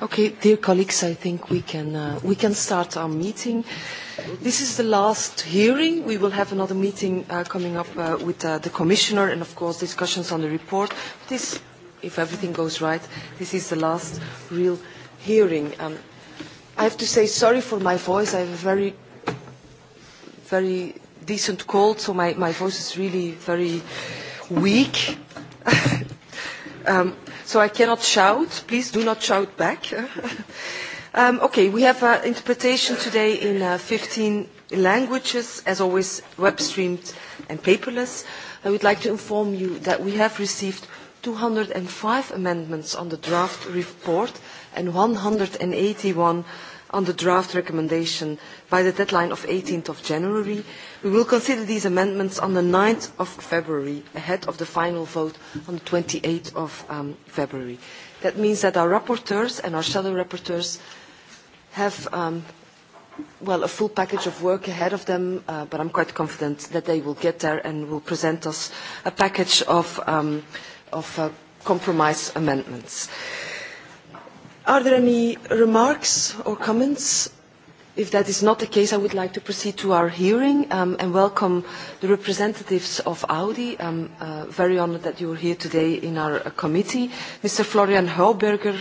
Okay, dear colleagues, I think we can we can start our meeting. This is the last hearing. We will have another meeting coming up with the Commissioner and, of course, discussions on the report. This, if everything goes right, this is the last real hearing. I have to say sorry for my voice. I have a very, very decent cold, so my my voice is really very weak so I cannot shout. Please do not shout back. Okay, we have interpretation today in 15 languages, as always web streamed and paperless. I would like to inform you that we have received 205 amendments on the draft report and 181 on the draft recommendation by the deadline of 18th of January. We will consider these amendments on the 9th of February, ahead of the final vote on the 28th of February. That means that our rapporteurs and our shadow rapporteurs have well, a full package of work ahead of them, but I'm quite confident that they will get there and will present us a package of compromise amendments. Are there any remarks or comments? If that is not the case, I would like to proceed to our hearing and welcome the representatives of Audi. I am very honored that you are here today in our committee. Mr. Florian Heuberger.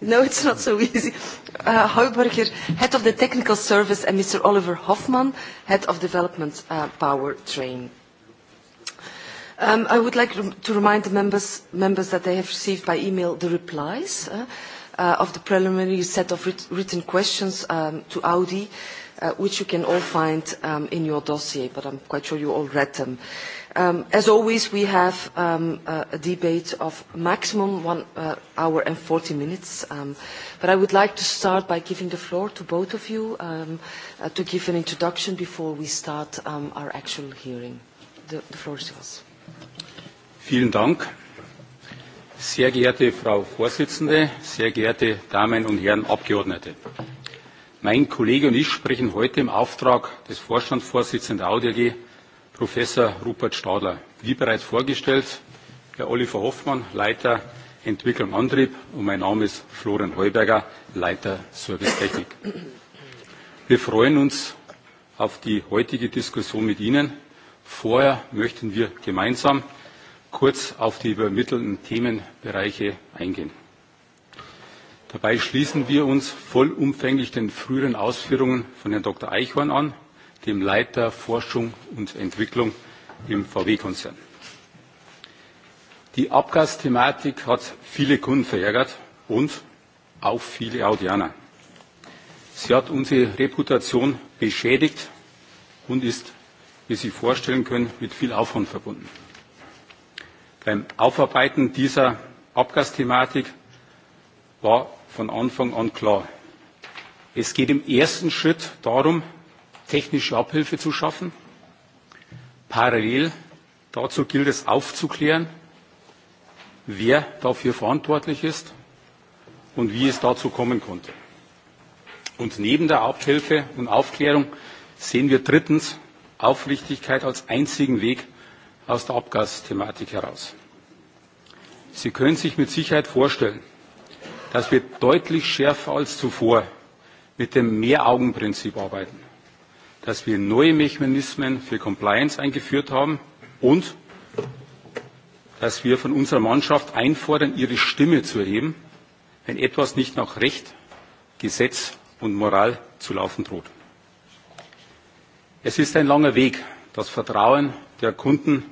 No, it's not so easy. Heuberger, head of the technical service, and Mr. Oliver Hoffman, head of development powertrain. I would like to remind the members that they have received by email the replies of the preliminary set of written questions to Audi, which you can all find in your dossier, but I'm quite sure you all read them. As always, we have a debate of maximum one hour and 40 minutes, but I would like to start by giving the floor to both of you to give an introduction before we start our actual hearing. The floor is yours. Vielen Dank. Sehr geehrte Frau Vorsitzende, sehr geehrte Damen und Herren Abgeordnete. Mein Kollege und ich sprechen heute im Auftrag des Vorstandsvorsitzenden der Audi AG, Professor Rupert Stadler. Wie bereits vorgestellt, Herr Oliver Hoffmann, Leiter Entwicklung Antrieb und mein Name ist Florian Heuberger, Leiter Servicetechnik. Wir freuen uns auf die heutige Diskussion mit Ihnen. Vorher möchten wir gemeinsam kurz auf die übermittelten Themenbereiche eingehen. Dabei schließen wir uns vollumfänglich den früheren Ausführungen von Herrn Dr. Eichhorn an, dem Leiter Forschung und Entwicklung im VW-Konzern. Die Abgasthematik hat viele Kunden verärgert und auch viele Audianer. Sie hat unsere Reputation beschädigt und ist, wie Sie sich vorstellen können, mit viel Aufwand verbunden. Beim Aufarbeiten dieser Abgasthematik war von Anfang an klar, es geht im ersten Schritt darum, technische Abhilfe zu schaffen. Parallel dazu gilt es aufzuklären, wer dafür verantwortlich ist und wie es dazu kommen konnte. Und neben der Abhilfe und Aufklärung sehen wir drittens Aufrichtigkeit als einzigen Weg aus der Abgasthematik heraus. Sie können sich mit Sicherheit vorstellen, dass wir deutlich schärfer als zuvor mit dem Mehraugenprinzip arbeiten, dass wir neue Mechanismen für Compliance eingeführt haben und dass wir von unserer Mannschaft einfordern, ihre Stimme zu erheben, wenn etwas nicht nach Recht, Gesetz und Moral zu laufen droht. Es ist ein langer Weg, das Vertrauen der Kunden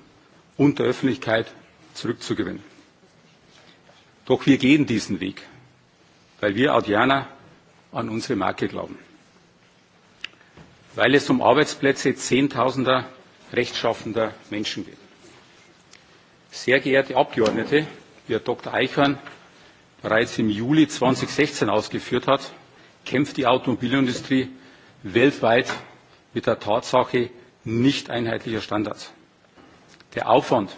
und der Öffentlichkeit zurückzugewinnen. Doch wir gehen diesen Weg, weil wir Audiana an unsere Marke glauben. Weil es um Arbeitsplätze Zehntausender rechtschaffender Menschen geht. Sehr geehrte Abgeordnete, wie Herr Dr. Eichhorn bereits im Juli 2016 ausgeführt hat, kämpft die Automobilindustrie weltweit mit der Tatsache nicht einheitlicher Standards. Der Aufwand,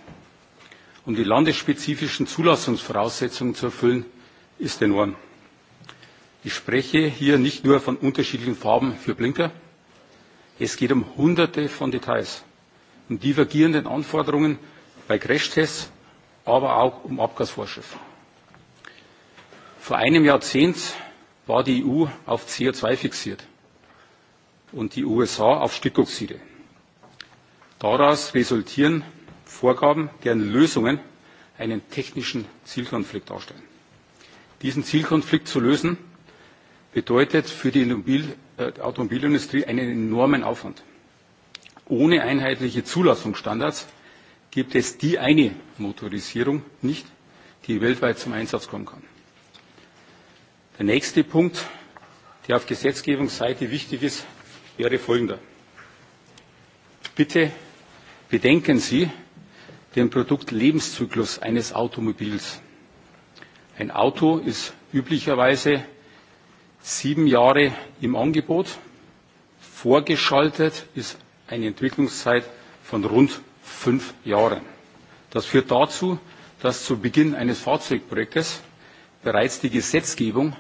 um die landesspezifischen Zulassungsvoraussetzungen zu erfüllen, ist enorm. Ich spreche hier nicht nur von unterschiedlichen Farben für Blinker. Es geht um Hunderte von Details, um divergierenden Anforderungen bei Crashtests, aber auch um Abgasvorschriften. Vor einem Jahrzehnt war die EU auf CO2 fixiert und die USA auf Stickoxide. Daraus resultieren Vorgaben, deren Lösungen einen technischen Zielkonflikt darstellen. Diesen Zielkonflikt zu lösen, bedeutet für die Automobilindustrie einen enormen Aufwand. Ohne einheitliche Zulassungsstandards gibt es die eine Motorisierung nicht, die weltweit zum Einsatz kommen kann. Der nächste Punkt, der auf Gesetzgebungsseite wichtig ist, wäre folgender. Bitte bedenken Sie, den Produktlebenszyklus eines Automobils. Ein Auto ist üblicherweise sieben Jahre im Angebot. Vorgeschaltet ist eine Entwicklungszeit von rund fünf Jahren. Das führt dazu, dass zu Beginn eines Fahrzeugprojektes bereits die Gesetzgebung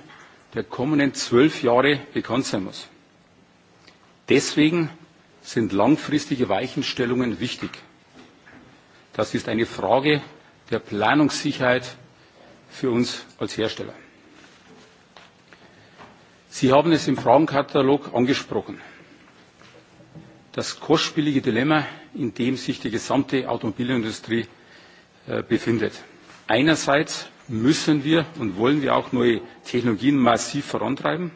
der kommenden zwölf Jahre bekannt sein muss. Deswegen sind langfristige Weichenstellungen wichtig. Das ist eine Frage der Planungssicherheit für uns als Hersteller. Sie haben es im Fragenkatalog angesprochen. Das kostspielige Dilemma, in dem sich die gesamte Automobilindustrie befindet. Einerseits müssen wir und wollen wir auch neue Technologien massiv vorantreiben.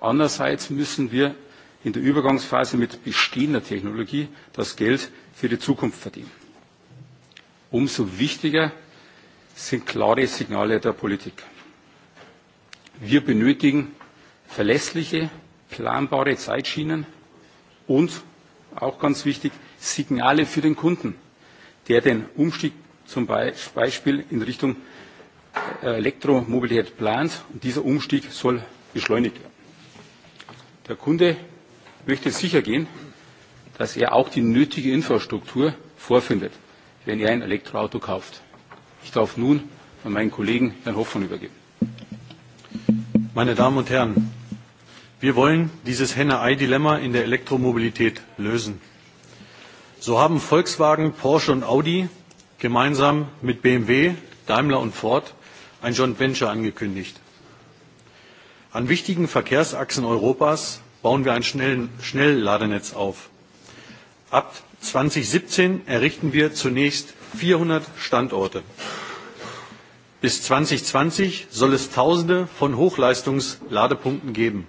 Andererseits müssen wir in der Übergangsphase mit bestehender Technologie das Geld für die Zukunft verdienen umso wichtiger sind klare Signale der Politik. Wir benötigen verlässliche, planbare Zeitschienen und, auch ganz wichtig, Signale für den Kunden, der den Umstieg zum Beispiel in Richtung Elektromobilität plant. Und dieser Umstieg soll beschleunigt werden. Der Kunde möchte sichergehen, dass er auch die nötige Infrastruktur vorfindet wenn ihr ein Elektroauto kauft. Ich darf nun an meinen Kollegen Herrn Hoffmann übergeben. Meine Damen und Herren, wir wollen dieses Henne-Ei-Dilemma in der Elektromobilität lösen. So haben Volkswagen, Porsche und Audi gemeinsam mit BMW, Daimler und Ford ein Joint Venture angekündigt. An wichtigen Verkehrsachsen Europas bauen wir ein Schnellladenetz auf. Ab 2017 errichten wir zunächst 400 Standorte. Bis 2020 soll es Tausende von Hochleistungsladepunkten geben.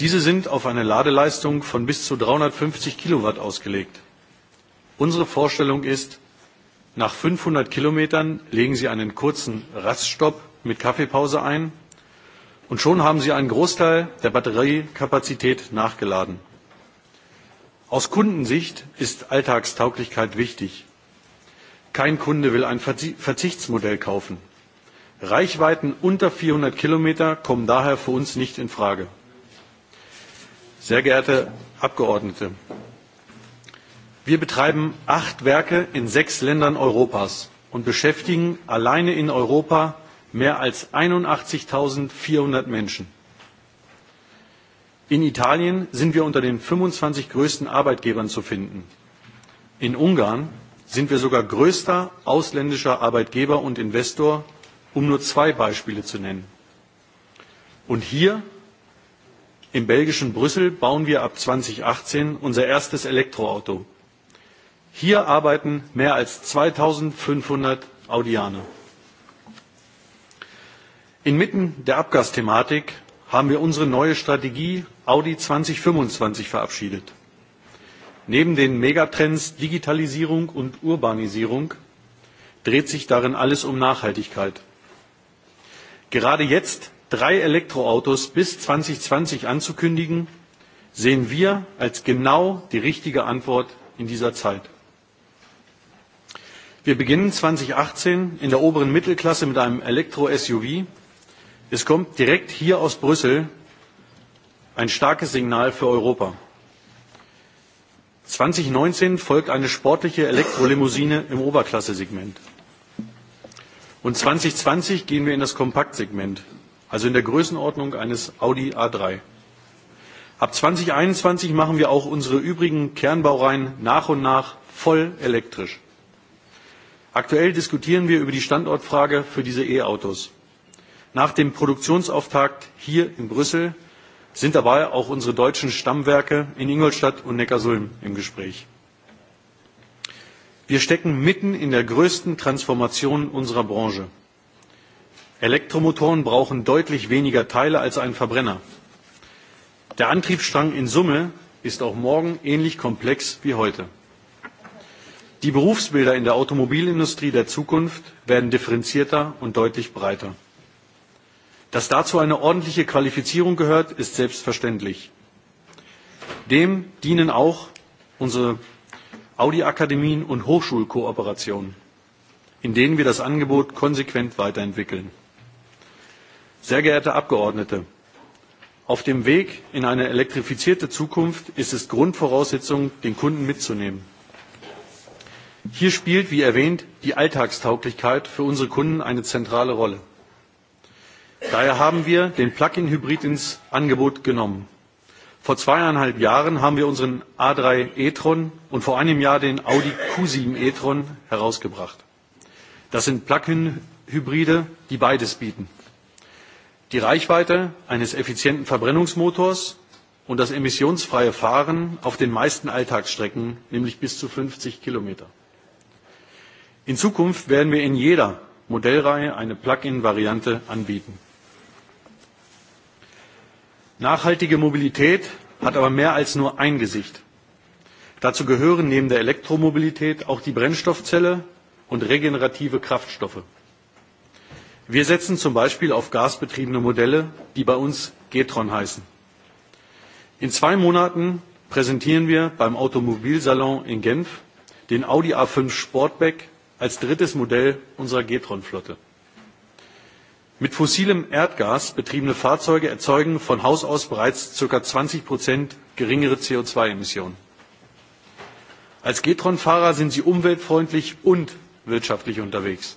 Diese sind auf eine Ladeleistung von bis zu 350 Kilowatt ausgelegt. Unsere Vorstellung ist, nach 500 Kilometern legen Sie einen kurzen Raststopp mit Kaffeepause ein und schon haben Sie einen Großteil der Batteriekapazität nachgeladen. Aus Kundensicht ist Alltagstauglichkeit wichtig. Kein Kunde will ein Verzichtsmodell kaufen. Reichweiten unter 400 Kilometer kommen daher für uns nicht in Frage. Sehr geehrte Abgeordnete, wir betreiben acht Werke in sechs Ländern Europas und beschäftigen alleine in Europa mehr als 81.400 Menschen. In Italien sind wir unter den 25 größten Arbeitgebern zu finden. In Ungarn sind wir sogar größter ausländischer Arbeitgeber und Investor, um nur zwei Beispiele zu nennen. Und hier im belgischen Brüssel bauen wir ab 2018 unser erstes Elektroauto. Hier arbeiten mehr als 2500 Audianer. Inmitten der Abgasthematik haben wir unsere neue Strategie Audi 2025 verabschiedet. Neben den Megatrends Digitalisierung und Urbanisierung dreht sich darin alles um Nachhaltigkeit. Gerade jetzt drei Elektroautos bis 2020 anzukündigen, sehen wir als genau die richtige Antwort in dieser Zeit. Wir beginnen 2018 in der oberen Mittelklasse mit einem Elektro-SUV. Es kommt direkt hier aus Brüssel ein starkes Signal für Europa. 2019 folgt eine sportliche Elektrolimousine im Oberklassesegment. segment Und 2020 gehen wir in das Kompaktsegment, also in der Größenordnung eines Audi A3. Ab 2021 machen wir auch unsere übrigen Kernbaureihen nach und nach voll elektrisch. Aktuell diskutieren wir über die Standortfrage für diese E-Autos. Nach dem Produktionsauftakt hier in Brüssel sind dabei auch unsere deutschen Stammwerke in Ingolstadt und Neckarsulm im Gespräch. Wir stecken mitten in der größten Transformation unserer Branche. Elektromotoren brauchen deutlich weniger Teile als ein Verbrenner. Der Antriebsstrang in Summe ist auch morgen ähnlich komplex wie heute. Die Berufsbilder in der Automobilindustrie der Zukunft werden differenzierter und deutlich breiter. Dass dazu eine ordentliche Qualifizierung gehört, ist selbstverständlich. Dem dienen auch unsere Audi-Akademien und Hochschulkooperationen, in denen wir das Angebot konsequent weiterentwickeln. Sehr geehrte Abgeordnete, auf dem Weg in eine elektrifizierte Zukunft ist es Grundvoraussetzung, den Kunden mitzunehmen. Hier spielt, wie erwähnt, die Alltagstauglichkeit für unsere Kunden eine zentrale Rolle. Daher haben wir den Plug-in-Hybrid ins Angebot genommen. Vor zweieinhalb Jahren haben wir unseren A3 e-tron und vor einem Jahr den Audi Q7 e-tron herausgebracht. Das sind Plug-in-Hybride, die beides bieten. Die Reichweite eines effizienten Verbrennungsmotors und das emissionsfreie Fahren auf den meisten Alltagsstrecken, nämlich bis zu 50 Kilometer. In Zukunft werden wir in jeder Modellreihe eine Plug-in-Variante anbieten. Nachhaltige Mobilität hat aber mehr als nur ein Gesicht. Dazu gehören neben der Elektromobilität auch die Brennstoffzelle und regenerative Kraftstoffe. Wir setzen zum Beispiel auf gasbetriebene Modelle, die bei uns Getron heißen. In zwei Monaten präsentieren wir beim Automobilsalon in Genf den Audi A5 Sportback als drittes Modell unserer Getron-Flotte. Mit fossilem Erdgas betriebene Fahrzeuge erzeugen von Haus aus bereits ca. 20 geringere CO2-Emissionen. Als Getron-Fahrer sind sie umweltfreundlich und wirtschaftlich unterwegs.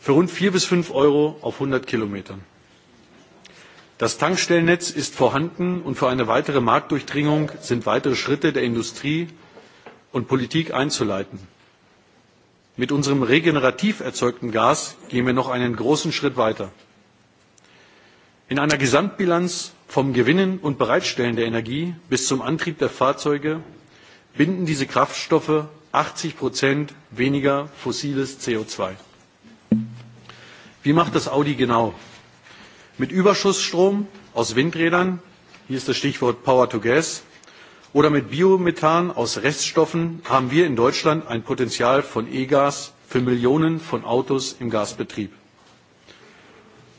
Für rund 4 bis 5 Euro auf 100 Kilometern. Das Tankstellennetz ist vorhanden und für eine weitere Marktdurchdringung sind weitere Schritte der Industrie und Politik einzuleiten. Mit unserem regenerativ erzeugten Gas gehen wir noch einen großen Schritt weiter. In einer Gesamtbilanz vom Gewinnen und Bereitstellen der Energie bis zum Antrieb der Fahrzeuge binden diese Kraftstoffe 80 weniger fossiles CO2. Wie macht das Audi genau? Mit Überschussstrom aus Windrädern, hier ist das Stichwort Power to Gas, Oder mit Biomethan aus Reststoffen haben wir in Deutschland ein Potenzial von E-Gas für Millionen von Autos im Gasbetrieb.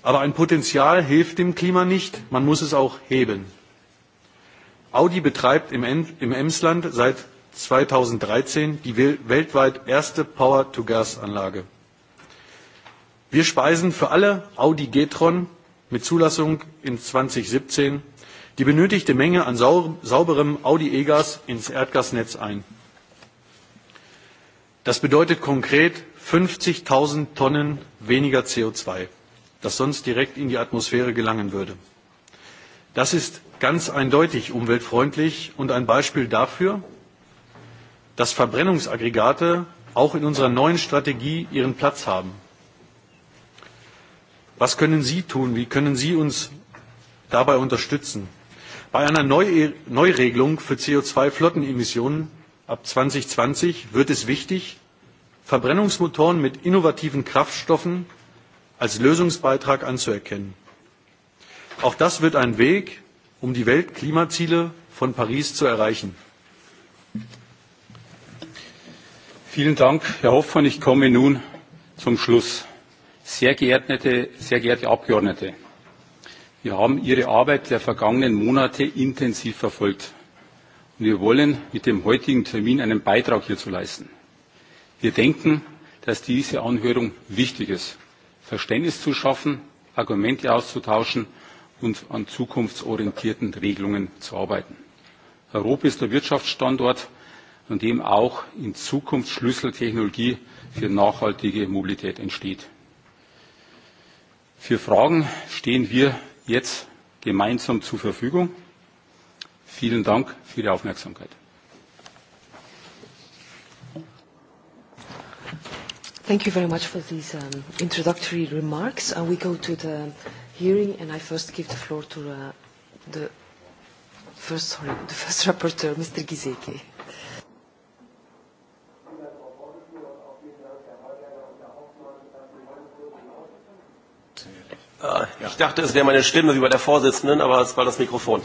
Aber ein Potenzial hilft dem Klima nicht, man muss es auch heben. Audi betreibt im Emsland seit 2013 die weltweit erste Power-to-Gas-Anlage. Wir speisen für alle Audi Getron mit Zulassung in 2017 die benötigte Menge an sauberem Audi-E-Gas ins Erdgasnetz ein. Das bedeutet konkret 50.000 Tonnen weniger CO2, das sonst direkt in die Atmosphäre gelangen würde. Das ist ganz eindeutig umweltfreundlich und ein Beispiel dafür, dass Verbrennungsaggregate auch in unserer neuen Strategie ihren Platz haben. Was können Sie tun? Wie können Sie uns dabei unterstützen? Bei einer Neuregelung für CO2-Flottenemissionen ab 2020 wird es wichtig, Verbrennungsmotoren mit innovativen Kraftstoffen als Lösungsbeitrag anzuerkennen. Auch das wird ein Weg, um die Weltklimaziele von Paris zu erreichen. Vielen Dank, Herr Hoffmann. Ich komme nun zum Schluss. Sehr geehrte Abgeordnete, Wir haben Ihre Arbeit der vergangenen Monate intensiv verfolgt. Und wir wollen mit dem heutigen Termin einen Beitrag hierzu leisten. Wir denken, dass diese Anhörung wichtig ist, Verständnis zu schaffen, Argumente auszutauschen und an zukunftsorientierten Regelungen zu arbeiten. Europa ist der Wirtschaftsstandort, an dem auch in Zukunft Schlüsseltechnologie für nachhaltige Mobilität entsteht. Für Fragen stehen wir jetzt gemeinsam zur Verfügung. Vielen Dank für die Aufmerksamkeit. Thank you very much for these introductory remarks. We go to the hearing and I first give the floor to the first, sorry, the first rapporteur, Mr. Gizeki. Ich dachte, es wäre meine Stimme wie bei der Vorsitzenden, aber es war das Mikrofon.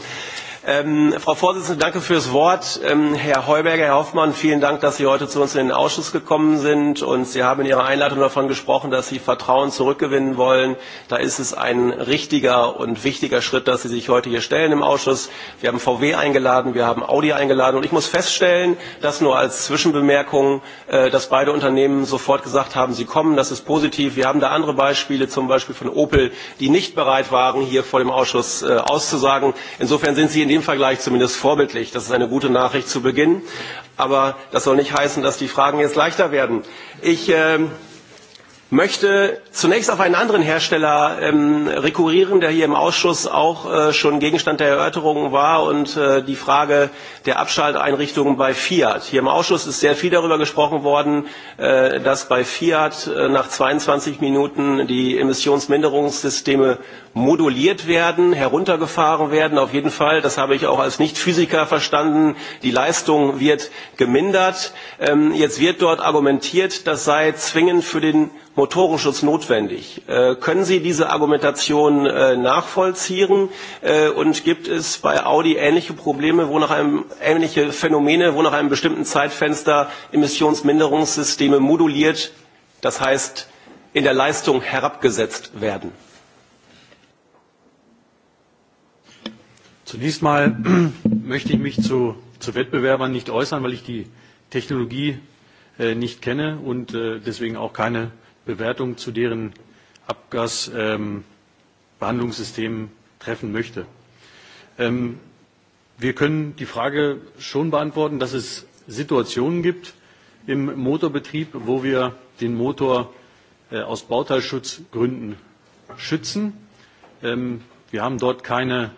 Frau Vorsitzende, danke fürs Wort. Herr Heuberger, Herr Hoffmann, vielen Dank, dass Sie heute zu uns in den Ausschuss gekommen sind. Und Sie haben in Ihrer Einladung davon gesprochen, dass Sie Vertrauen zurückgewinnen wollen. Da ist es ein richtiger und wichtiger Schritt, dass Sie sich heute hier stellen im Ausschuss. Wir haben VW eingeladen, wir haben Audi eingeladen. Und ich muss feststellen, dass nur als Zwischenbemerkung, dass beide Unternehmen sofort gesagt haben, sie kommen. Das ist positiv. Wir haben da andere Beispiele, zum Beispiel von Opel, die nicht bereit waren, hier vor dem Ausschuss auszusagen. Insofern sind Sie in dem Vergleich zumindest vorbildlich. Das ist eine gute Nachricht zu Beginn. Aber das soll nicht heißen, dass die Fragen jetzt leichter werden. Ich möchte zunächst auf einen anderen Hersteller rekurrieren, der hier im Ausschuss auch schon Gegenstand der Erörterungen war und die Frage der Abschalteinrichtungen bei Fiat. Hier im Ausschuss ist sehr viel darüber gesprochen worden, dass bei Fiat nach 22 Minuten die Emissionsminderungssysteme moduliert werden, heruntergefahren werden. Auf jeden Fall, das habe ich auch als Nichtphysiker verstanden, die Leistung wird gemindert. Jetzt wird dort argumentiert, das sei zwingend für den Motorenschutz notwendig. Können Sie diese Argumentation nachvollziehen? Und gibt es bei Audi ähnliche Probleme, wo nach einem, ähnliche Phänomene, wo nach einem bestimmten Zeitfenster Emissionsminderungssysteme moduliert, das heißt in der Leistung herabgesetzt werden? Zunächst mal möchte ich mich zu Wettbewerbern nicht äußern, weil ich die Technologie nicht kenne und deswegen auch keine Bewertung zu deren Abgasbehandlungssystemen treffen möchte. Wir können die Frage schon beantworten, dass es Situationen gibt im Motorbetrieb, wo wir den Motor aus Bauteilschutzgründen schützen. Wir haben dort keine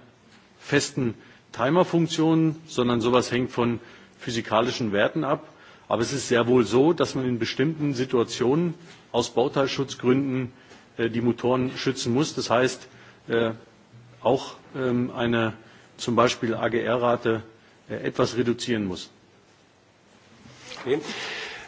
festen Timerfunktionen, sondern sowas hängt von physikalischen Werten ab. Aber es ist sehr wohl so, dass man in bestimmten Situationen aus Bauteilschutzgründen die Motoren schützen muss. Das heißt, auch eine zum Beispiel AGR-Rate etwas reduzieren muss.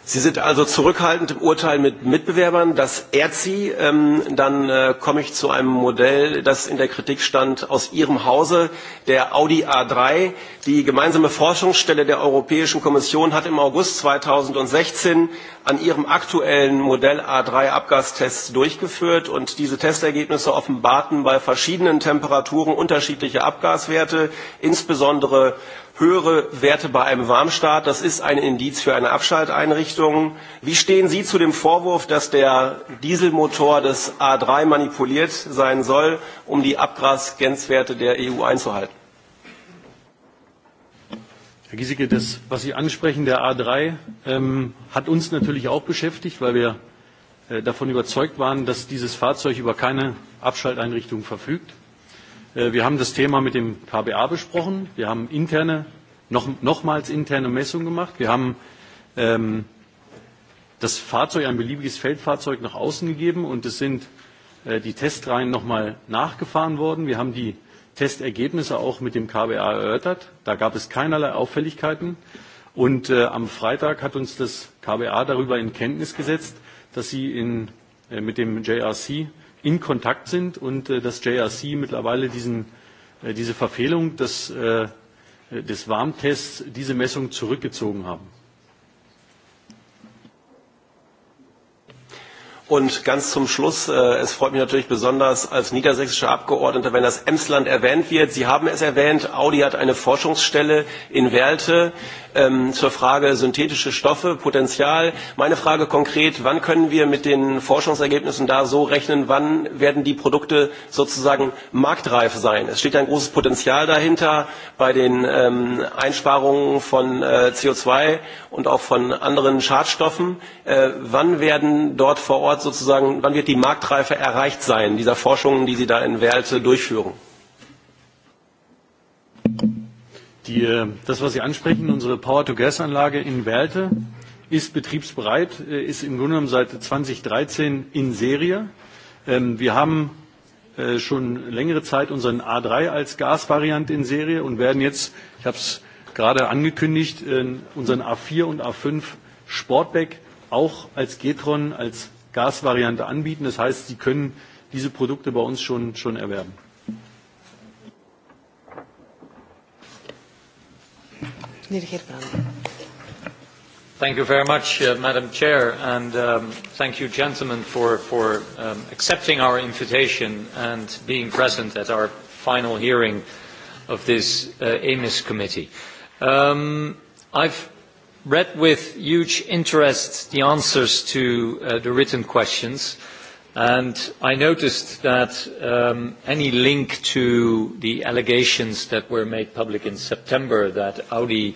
Sie sind also zurückhaltend im Urteil mit Mitbewerbern. Das ehrt Sie. Dann komme ich zu einem Modell, das in der Kritik stand, aus Ihrem Hause, der Audi A3. Die gemeinsame Forschungsstelle der Europäischen Kommission hat im August 2016 an ihrem aktuellen Modell A3 Abgastests durchgeführt und diese Testergebnisse offenbarten bei verschiedenen Temperaturen unterschiedliche Abgaswerte, insbesondere höhere Werte bei einem Warmstart. Das ist ein Indiz für eine Abschalteinrichtung. Wie stehen Sie zu dem Vorwurf, dass der Dieselmotor des A3 manipuliert sein soll, um die Abgasgrenzwerte der EU einzuhalten? Herr Giesecke, das, was Sie ansprechen, der A3, hat uns natürlich auch beschäftigt, weil wir davon überzeugt waren, dass dieses Fahrzeug über keine Abschalteinrichtung verfügt. Wir haben das Thema mit dem KBA besprochen. Wir haben interne, nochmals interne Messungen gemacht. Wir haben das Fahrzeug, ein beliebiges Feldfahrzeug, nach außen gegeben und es sind die Testreihen nochmal nachgefahren worden. Wir haben die Testergebnisse auch mit dem KBA erörtert. Da gab es keinerlei Auffälligkeiten. Und am Freitag hat uns das KBA darüber in Kenntnis gesetzt, dass sie mit dem JRC in Kontakt sind und dass JRC mittlerweile diesen, diese Verfehlung des, des Warmtests, diese Messung zurückgezogen haben. Und ganz zum Schluss, es freut mich natürlich besonders als niedersächsischer Abgeordneter, wenn das Emsland erwähnt wird. Sie haben es erwähnt, Audi hat eine Forschungsstelle in Werlte zur Frage synthetische Stoffe, Potenzial. Meine Frage konkret, wann können wir mit den Forschungsergebnissen da so rechnen, wann werden die Produkte sozusagen marktreif sein? Es steht ein großes Potenzial dahinter bei den Einsparungen von CO2 und auch von anderen Schadstoffen. Wann werden dort vor Ort sozusagen, wann wird die Marktreife erreicht sein, dieser Forschungen, die Sie da in Werlte durchführen? Das, was Sie ansprechen, unsere Power-to-Gas-Anlage in Werlte ist betriebsbereit, ist im Grunde genommen seit 2013 in Serie. Wir haben schon längere Zeit unseren A3 als Gasvariant in Serie und werden jetzt, ich habe es gerade angekündigt, unseren A4 und A5 Sportback auch als Getron, als Gasvariante anbieten. Das heißt, Sie können diese Produkte bei uns schon schon erwerben. Thank you very much, Madam Chair, and thank you, gentlemen, for for accepting our invitation and being present at our final hearing of this AMIS committee. I've read with huge interest the answers to the written questions, and I noticed that any link to the allegations that were made public in September that Audi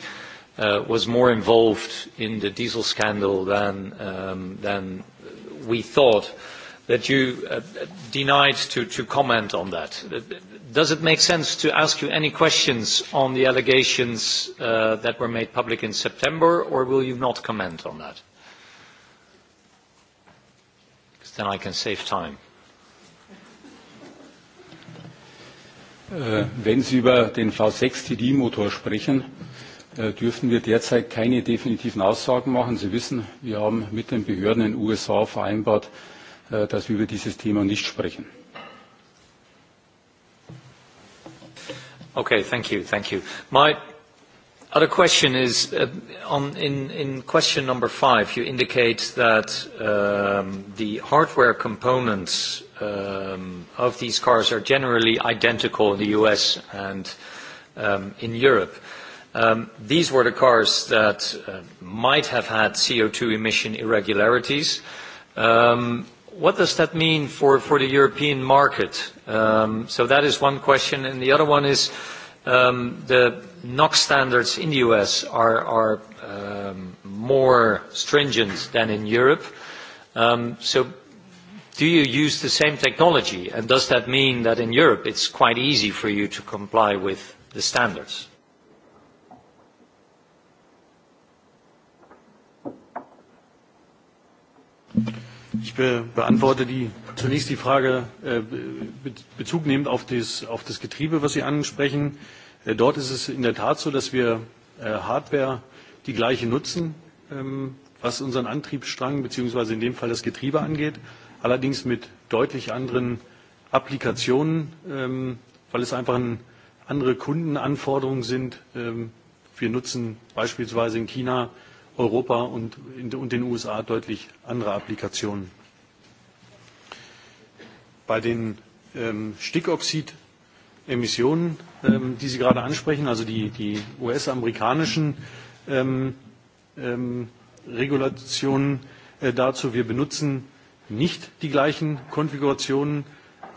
was more involved in the diesel scandal than we thought, that you denied to comment on that. Does it make sense to ask you any questions on the allegations that were made public in September, or will you not comment on that? Because then I can save time. Wenn Sie über den V6-TD-Motor sprechen, dürfen wir derzeit keine definitiven Aussagen machen. Sie wissen, wir haben mit den Behörden in den USA vereinbart, dass wir über dieses Thema nicht sprechen. Okay, thank you, thank you. My other question is, on in question number five, you indicate that the hardware components of these cars are generally identical in the U.S. and in Europe. These were the cars that might have had CO2 emission irregularities. What does that mean for the European market? So that is one question. And the other one is the NOx standards in the U.S. are more stringent than in Europe. So do you use the same technology? And does that mean that in Europe it's quite easy for you to comply with the standards? Ich beantworte die, zunächst die Frage Bezug auf das, auf das Getriebe, was Sie ansprechen. Dort ist es in der Tat so, dass wir Hardware die gleiche nutzen, was unseren Antriebsstrang bzw. in dem Fall das Getriebe angeht, allerdings mit deutlich anderen Applikationen, weil es einfach andere Kundenanforderungen sind. Wir nutzen beispielsweise in China, Europa und in den USA deutlich andere Applikationen. Bei den Stickoxidemissionen, die Sie gerade ansprechen, also die US-amerikanischen Regulationen dazu, wir benutzen nicht die gleichen Konfigurationen,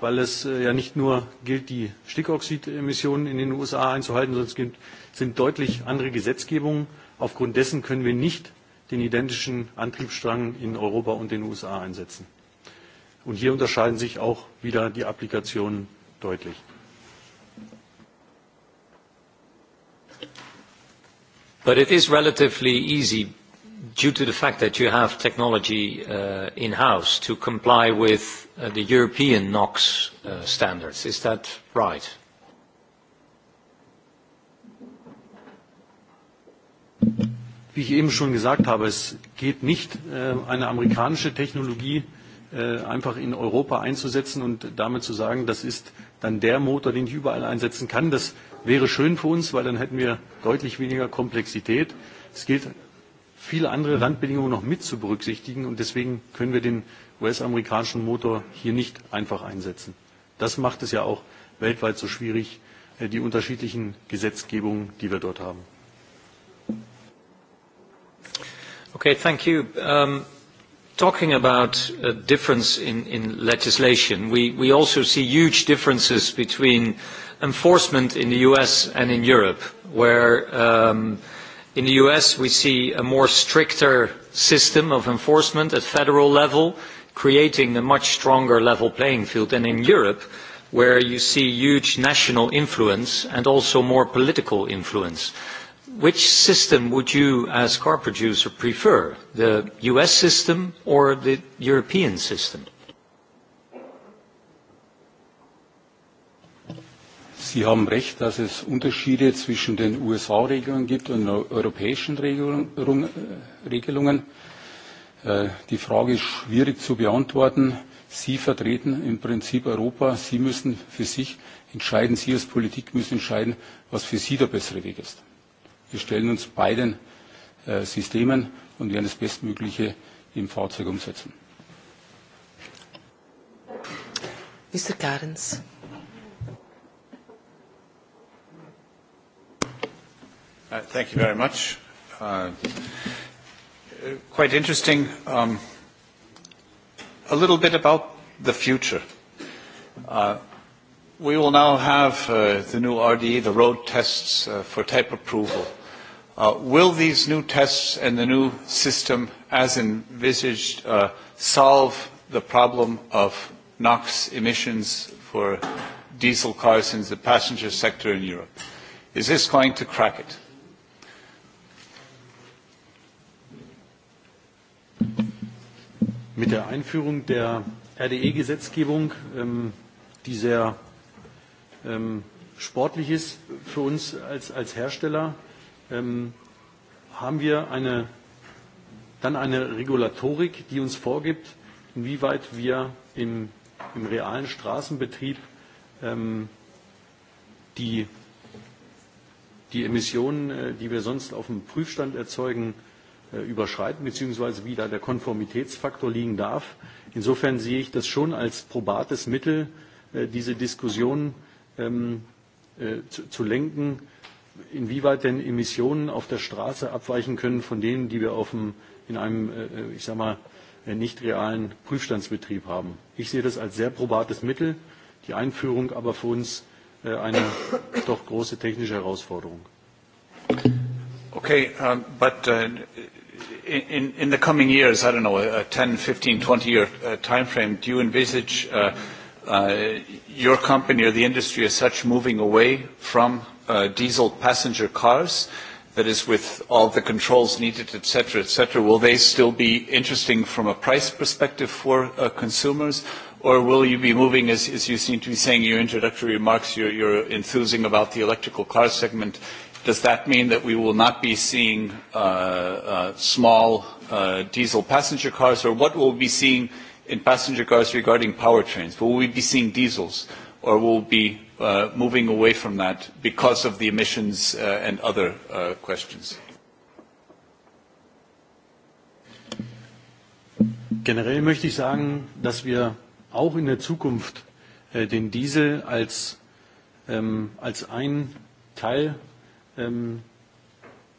weil es ja nicht nur gilt, die Stickoxidemissionen in den USA einzuhalten, sondern es sind deutlich andere Gesetzgebungen. Aufgrund dessen können wir nicht den identischen Antriebsstrang in Europa und den USA einsetzen. Und hier unterscheiden sich auch wieder die Applikationen deutlich. But it is relatively easy, due to the fact that you have technology in-house, to comply with the European NOx standards. Is that right? Wie ich eben schon gesagt habe, es geht nicht, eine amerikanische Technologie einfach in Europa einzusetzen und damit zu sagen, das ist dann der Motor, den ich überall einsetzen kann. Das wäre schön für uns, weil dann hätten wir deutlich weniger Komplexität. Es gilt, viele andere Randbedingungen noch mit zu berücksichtigen und deswegen können wir den US-amerikanischen Motor hier nicht einfach einsetzen. Das macht es ja auch weltweit so schwierig, die unterschiedlichen Gesetzgebungen, die wir dort haben. Okay, thank you. Um, Talking about a difference in legislation, we also see huge differences between enforcement in the US and in Europe, where in the US we see a more stricter system of enforcement at federal level, creating a much stronger level playing field than in Europe, where you see huge national influence and also more political influence which system would you, as car producer, prefer? The U.S. system or the European system? Sie haben recht, dass es Unterschiede zwischen den USA-Regelungen gibt und europäischen Regelungen. Die Frage ist schwierig zu beantworten. Sie vertreten im Prinzip Europa. Sie müssen für sich entscheiden. Sie als Politik müssen entscheiden, was für Sie der bessere Weg ist. Wir stellen uns beiden Systemen und werden das Bestmögliche im Fahrzeug umsetzen. Mr. Uh, Thank you very much. Quite interesting. A little bit about the future. We will now have the new RDE, the road tests for type approval Will these new tests and the new system, as envisaged, solve the problem of NOx emissions for diesel cars in the passenger sector in Europe? Is this going to crack it? Mit der Einführung der RDE-Gesetzgebung, die sehr sportlich ist für uns als Hersteller, haben wir dann eine Regulatorik, die uns vorgibt, inwieweit wir im, im realen Straßenbetrieb ähm, die, die Emissionen, die wir sonst auf dem Prüfstand erzeugen, überschreiten, beziehungsweise wie da der Konformitätsfaktor liegen darf. Insofern sehe ich das schon als probates Mittel, diese Diskussion zu lenken inwieweit denn Emissionen auf der Straße abweichen können von denen, die wir auf dem, in einem, ich sag mal, nicht realen Prüfstandsbetrieb haben. Ich sehe das als sehr probates Mittel, die Einführung aber für uns eine doch große technische Herausforderung. Okay, but in the coming years, I don't know, a 10, 15, 20-year time frame, do you envisage your company or the industry as such moving away from diesel passenger cars, that is with all the controls needed, etc., etc., will they still be interesting from a price perspective for consumers? Or will you be moving, as you seem to be saying in your introductory remarks, you're enthusing about the electrical car segment. Does that mean that we will not be seeing small diesel passenger cars, or what will we be seeing in passenger cars regarding powertrains? Will we be seeing diesels or will be moving away from that because of the emissions and other questions? Generell möchte ich sagen, dass wir auch in der Zukunft den Diesel als ein Teil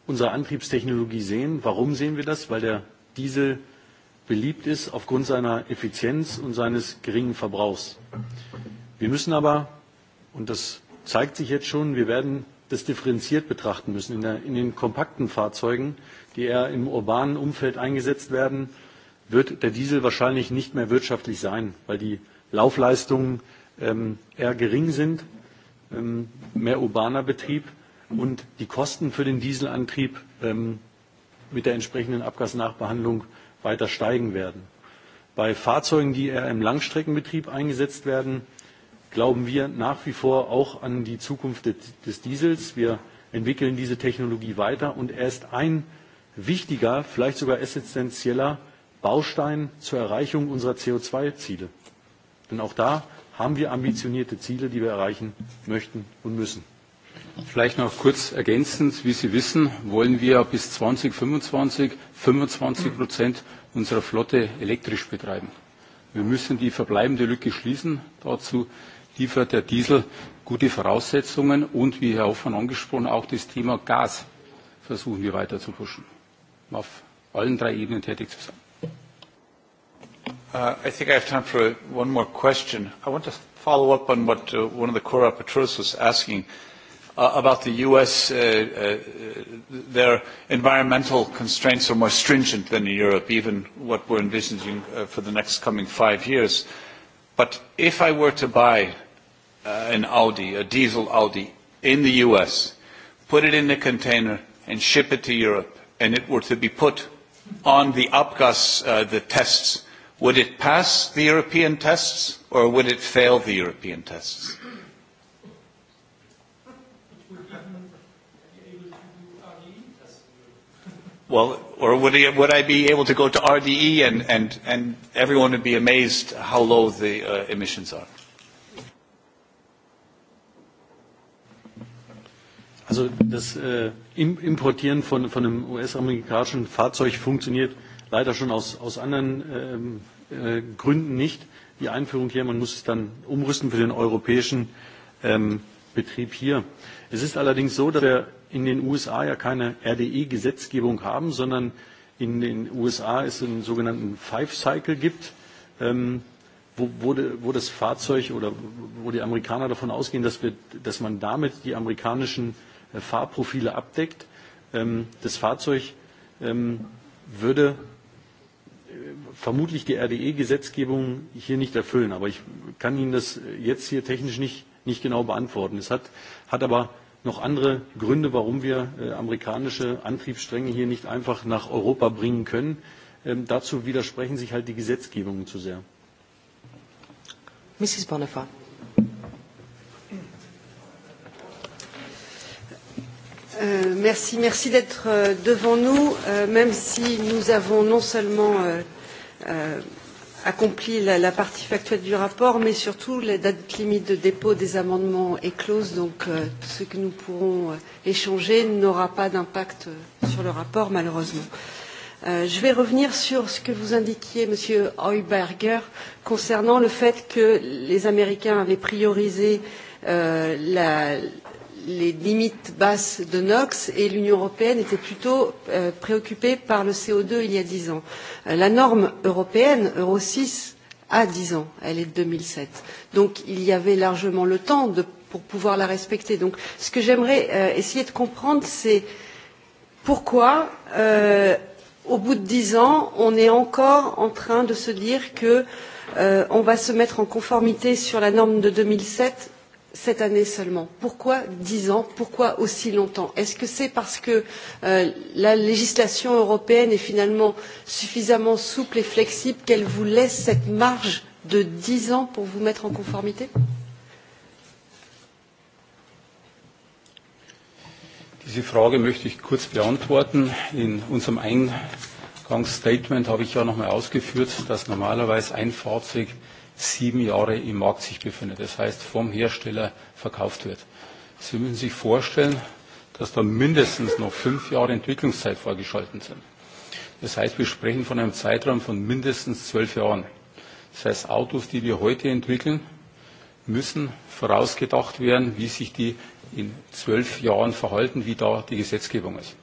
unserer Antriebstechnologie sehen. Warum sehen wir das? Weil der Diesel beliebt ist aufgrund seiner Effizienz und seines geringen Verbrauchs. Wir müssen aber, und das zeigt sich jetzt schon, wir werden das differenziert betrachten müssen. In den kompakten Fahrzeugen, die eher im urbanen Umfeld eingesetzt werden, wird der Diesel wahrscheinlich nicht mehr wirtschaftlich sein, weil die Laufleistungen eher gering sind, mehr urbaner Betrieb und die Kosten für den Dieselantrieb mit der entsprechenden Abgasnachbehandlung weiter steigen werden. Bei Fahrzeugen, die eher im Langstreckenbetrieb eingesetzt werden, glauben wir nach wie vor auch an die Zukunft des Diesels. Wir entwickeln diese Technologie weiter und er ist ein wichtiger, vielleicht sogar essentieller Baustein zur Erreichung unserer CO2-Ziele. Denn auch da haben wir ambitionierte Ziele, die wir erreichen möchten und müssen. Vielleicht noch kurz ergänzend. Wie Sie wissen, wollen wir bis 2025 25 Prozent unserer Flotte elektrisch betreiben. Wir müssen die verbleibende Lücke schließen. Dazu liefert der Diesel gute Voraussetzungen und, wie Herr Hoffmann angesprochen, auch das Thema Gas versuchen wir weiter zu pushen, auf allen drei Ebenen tätig zu sein. I think I have time for one more question. I want to follow up on what one of the was asking about the US, their environmental constraints are more stringent than in Europe, even what we're envisaging for the next coming five years. But if I were to buy an Audi, a diesel Audi, in the US, put it in a container and ship it to Europe, and it were to be put on the UPGAS, the tests, would it pass the European tests or would it fail the European tests? Well, or would, I, would I be able to go to RDE and, and, and everyone would be amazed how low the uh, emissions are? Also das äh, Importieren von, von einem US-amerikanischen Fahrzeug funktioniert leider schon aus, aus anderen ähm, äh, Gründen nicht. Die Einführung hier, man muss es dann umrüsten für den europäischen ähm, Betrieb hier. Es ist allerdings so, dass wir in den USA ja keine RDE-Gesetzgebung haben, sondern in den USA es einen sogenannten Five-Cycle gibt, wo das Fahrzeug oder wo die Amerikaner davon ausgehen, dass man damit die amerikanischen Fahrprofile abdeckt. Das Fahrzeug würde vermutlich die RDE-Gesetzgebung hier nicht erfüllen. Aber ich kann Ihnen das jetzt hier technisch nicht nicht genau beantworten. Es hat aber noch andere Gründe, warum wir amerikanische Antriebsstränge hier nicht einfach nach Europa bringen können. Dazu widersprechen sich halt die Gesetzgebungen zu sehr. Mrs. Euh, Merci, merci d'être devant nous, même si nous avons non seulement accompli la, partie factuelle du rapport, mais surtout la date limite de dépôt des amendements est close, donc tout ce que nous pourrons échanger n'aura pas d'impact sur le rapport, malheureusement. je vais revenir sur ce que vous indiquiez, Monsieur Heuberger, concernant le fait que les Américains avaient priorisé la, les limites basses de NOx et l'Union européenne était plutôt préoccupée par le CO2 il y a dix ans. La norme européenne, Euro 6, a dix ans. Elle est de 2007. Donc il y avait largement le temps pour pouvoir la respecter. Donc ce que j'aimerais essayer de comprendre, c'est pourquoi, au bout de dix ans, on est encore en train de se dire qu'on va se mettre en conformité sur la norme de 2007 cette année seulement pourquoi dix ans pourquoi aussi longtemps? est ce que c'est parce que la législation européenne est finalement suffisamment souple et flexible qu'elle vous laisse cette marge de dix ans pour vous mettre en conformité? Diese Frage möchte ich kurz beantworten. In unserem Eingangsstatement habe ich ja nochmal ausgeführt, dass normalerweise ein Fahrzeug sieben Jahre im Markt sich befindet, das heißt vom Hersteller verkauft wird. Sie müssen sich vorstellen, dass da mindestens noch fünf Jahre Entwicklungszeit vorgeschaltet sind. Das heißt, wir sprechen von einem Zeitraum von mindestens zwölf Jahren. Das heißt, Autos, die wir heute entwickeln, müssen vorausgedacht werden, wie sich die in zwölf Jahren verhalten, wie da die Gesetzgebung ist.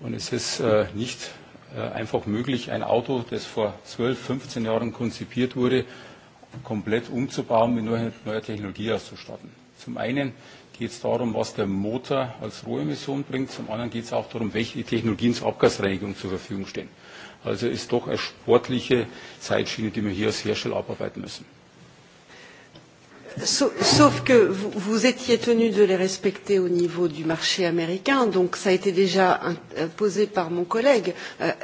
Und es ist nicht einfach möglich, ein Auto, das vor zwölf, 15 Jahren konzipiert wurde, komplett umzubauen, mit neuer Technologie auszustatten. Zum einen geht es darum, was der Motor als Rohemission bringt. Zum anderen geht es auch darum, welche Technologien zur Abgasreinigung zur Verfügung stehen. Also ist doch eine sportliche Zeitschiene, die wir hier als Hersteller abarbeiten müssen. Sauf que vous étiez tenu de les respecter au niveau du marché américain, donc ça a été déjà posé par mon collègue.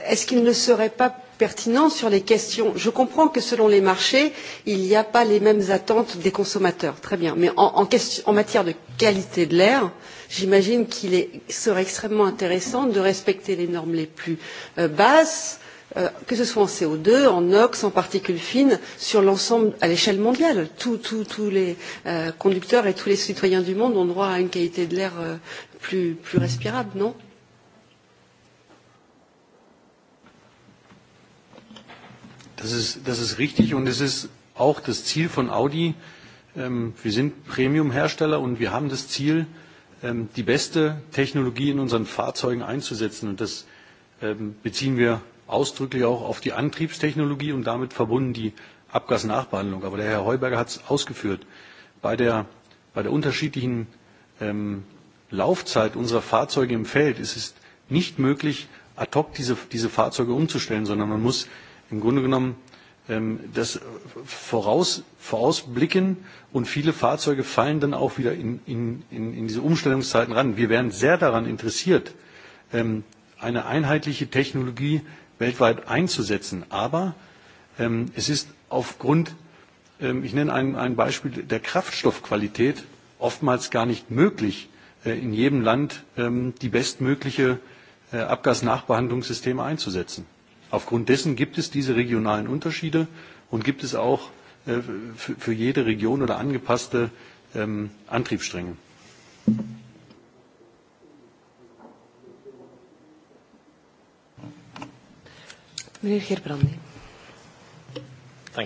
Est-ce qu'il ne serait pas pertinent sur les questions. Je comprends que selon les marchés, il n'y a pas les mêmes attentes des consommateurs. Très bien. Mais en matière de qualité de l'air, j'imagine qu'il serait extrêmement intéressant de respecter les normes les plus basses, que ce soit en CO2, en NOx, en particules fines, sur l'ensemble, à l'échelle mondiale. Tous les conducteurs et tous les citoyens du monde ont droit à une qualité de l'air plus respirable, non Das ist, das ist richtig und es ist auch das Ziel von Audi. Wir sind Premium-Hersteller und wir haben das Ziel, die beste Technologie in unseren Fahrzeugen einzusetzen. Und das beziehen wir ausdrücklich auch auf die Antriebstechnologie und damit verbunden die Abgasnachbehandlung. Aber der Herr Heuberger hat es ausgeführt. Bei der unterschiedlichen Laufzeit unserer Fahrzeuge im Feld ist es nicht möglich, ad hoc diese Fahrzeuge umzustellen, sondern man muss im Grunde genommen das vorausblicken und viele Fahrzeuge fallen dann auch wieder in diese Umstellungszeiten ran. Wir wären sehr daran interessiert, eine einheitliche Technologie weltweit einzusetzen. Aber es ist aufgrund, ich nenne ein Beispiel, der Kraftstoffqualität oftmals gar nicht möglich, in jedem Land die bestmögliche Abgasnachbehandlungssysteme einzusetzen. Aufgrund dessen gibt es diese regionalen Unterschiede und gibt es auch für jede Region oder angepasste Antriebsstränge. Thank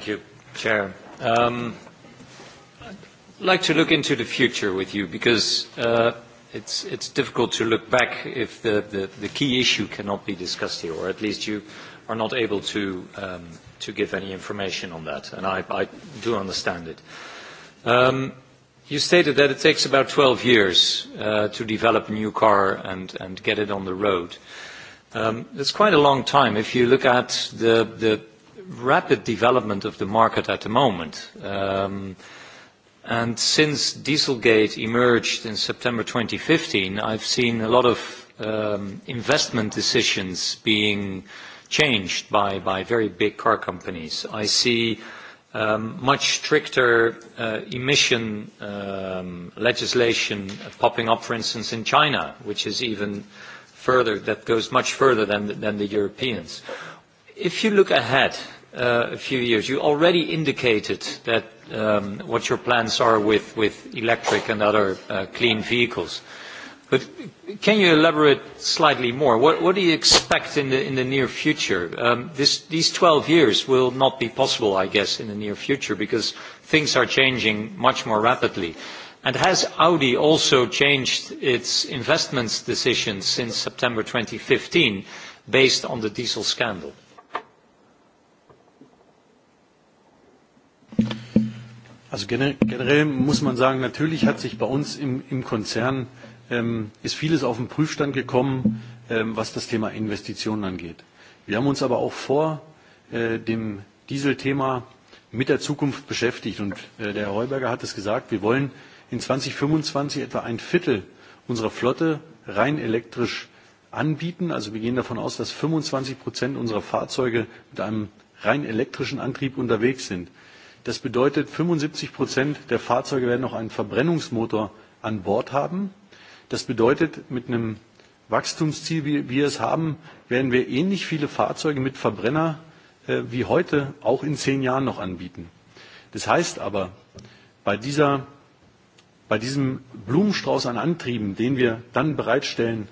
you, Chair. I'd like to look into the future with it's it's difficult to look back if the the key issue cannot be discussed here, or at least you are not able to to give any information on that, and I I do understand it. You stated that it takes about 12 years to develop a new car and and get it on the road. it's quite a long time if you look at the the rapid development of the market at the moment. And since Dieselgate emerged in September 2015, I've seen a lot of investment decisions being changed by very big car companies. I see much stricter emission legislation popping up, for instance, in China, which is even further, that goes much further than the Europeans. If you look ahead a few years, you already indicated that what your plans are with electric and other clean vehicles. But can you elaborate slightly more? What do you expect in the near future? These 12 years will not be possible, I guess, in the near future because things are changing much more rapidly. And has Audi also changed its investments decisions since September 2015 based on the diesel scandal? Also generell muss man sagen, natürlich hat sich bei uns im Konzern ist vieles auf den Prüfstand gekommen, was das Thema Investitionen angeht. Wir haben uns aber auch vor dem Dieselthema mit der Zukunft beschäftigt. Und der Herr Heuberger hat es gesagt, wir wollen in 2025 etwa ein Viertel unserer Flotte rein elektrisch anbieten. Also wir gehen davon aus, dass 25 Prozent unserer Fahrzeuge mit einem rein elektrischen Antrieb unterwegs sind. Das bedeutet, 75 Prozent der Fahrzeuge werden noch einen Verbrennungsmotor an Bord haben. Das bedeutet, mit einem Wachstumsziel, wie wir es haben, werden wir ähnlich viele Fahrzeuge mit Verbrenner wie heute auch in zehn Jahren noch anbieten. Das heißt aber, bei diesem Blumenstrauß an Antrieben, den wir dann bereitstellen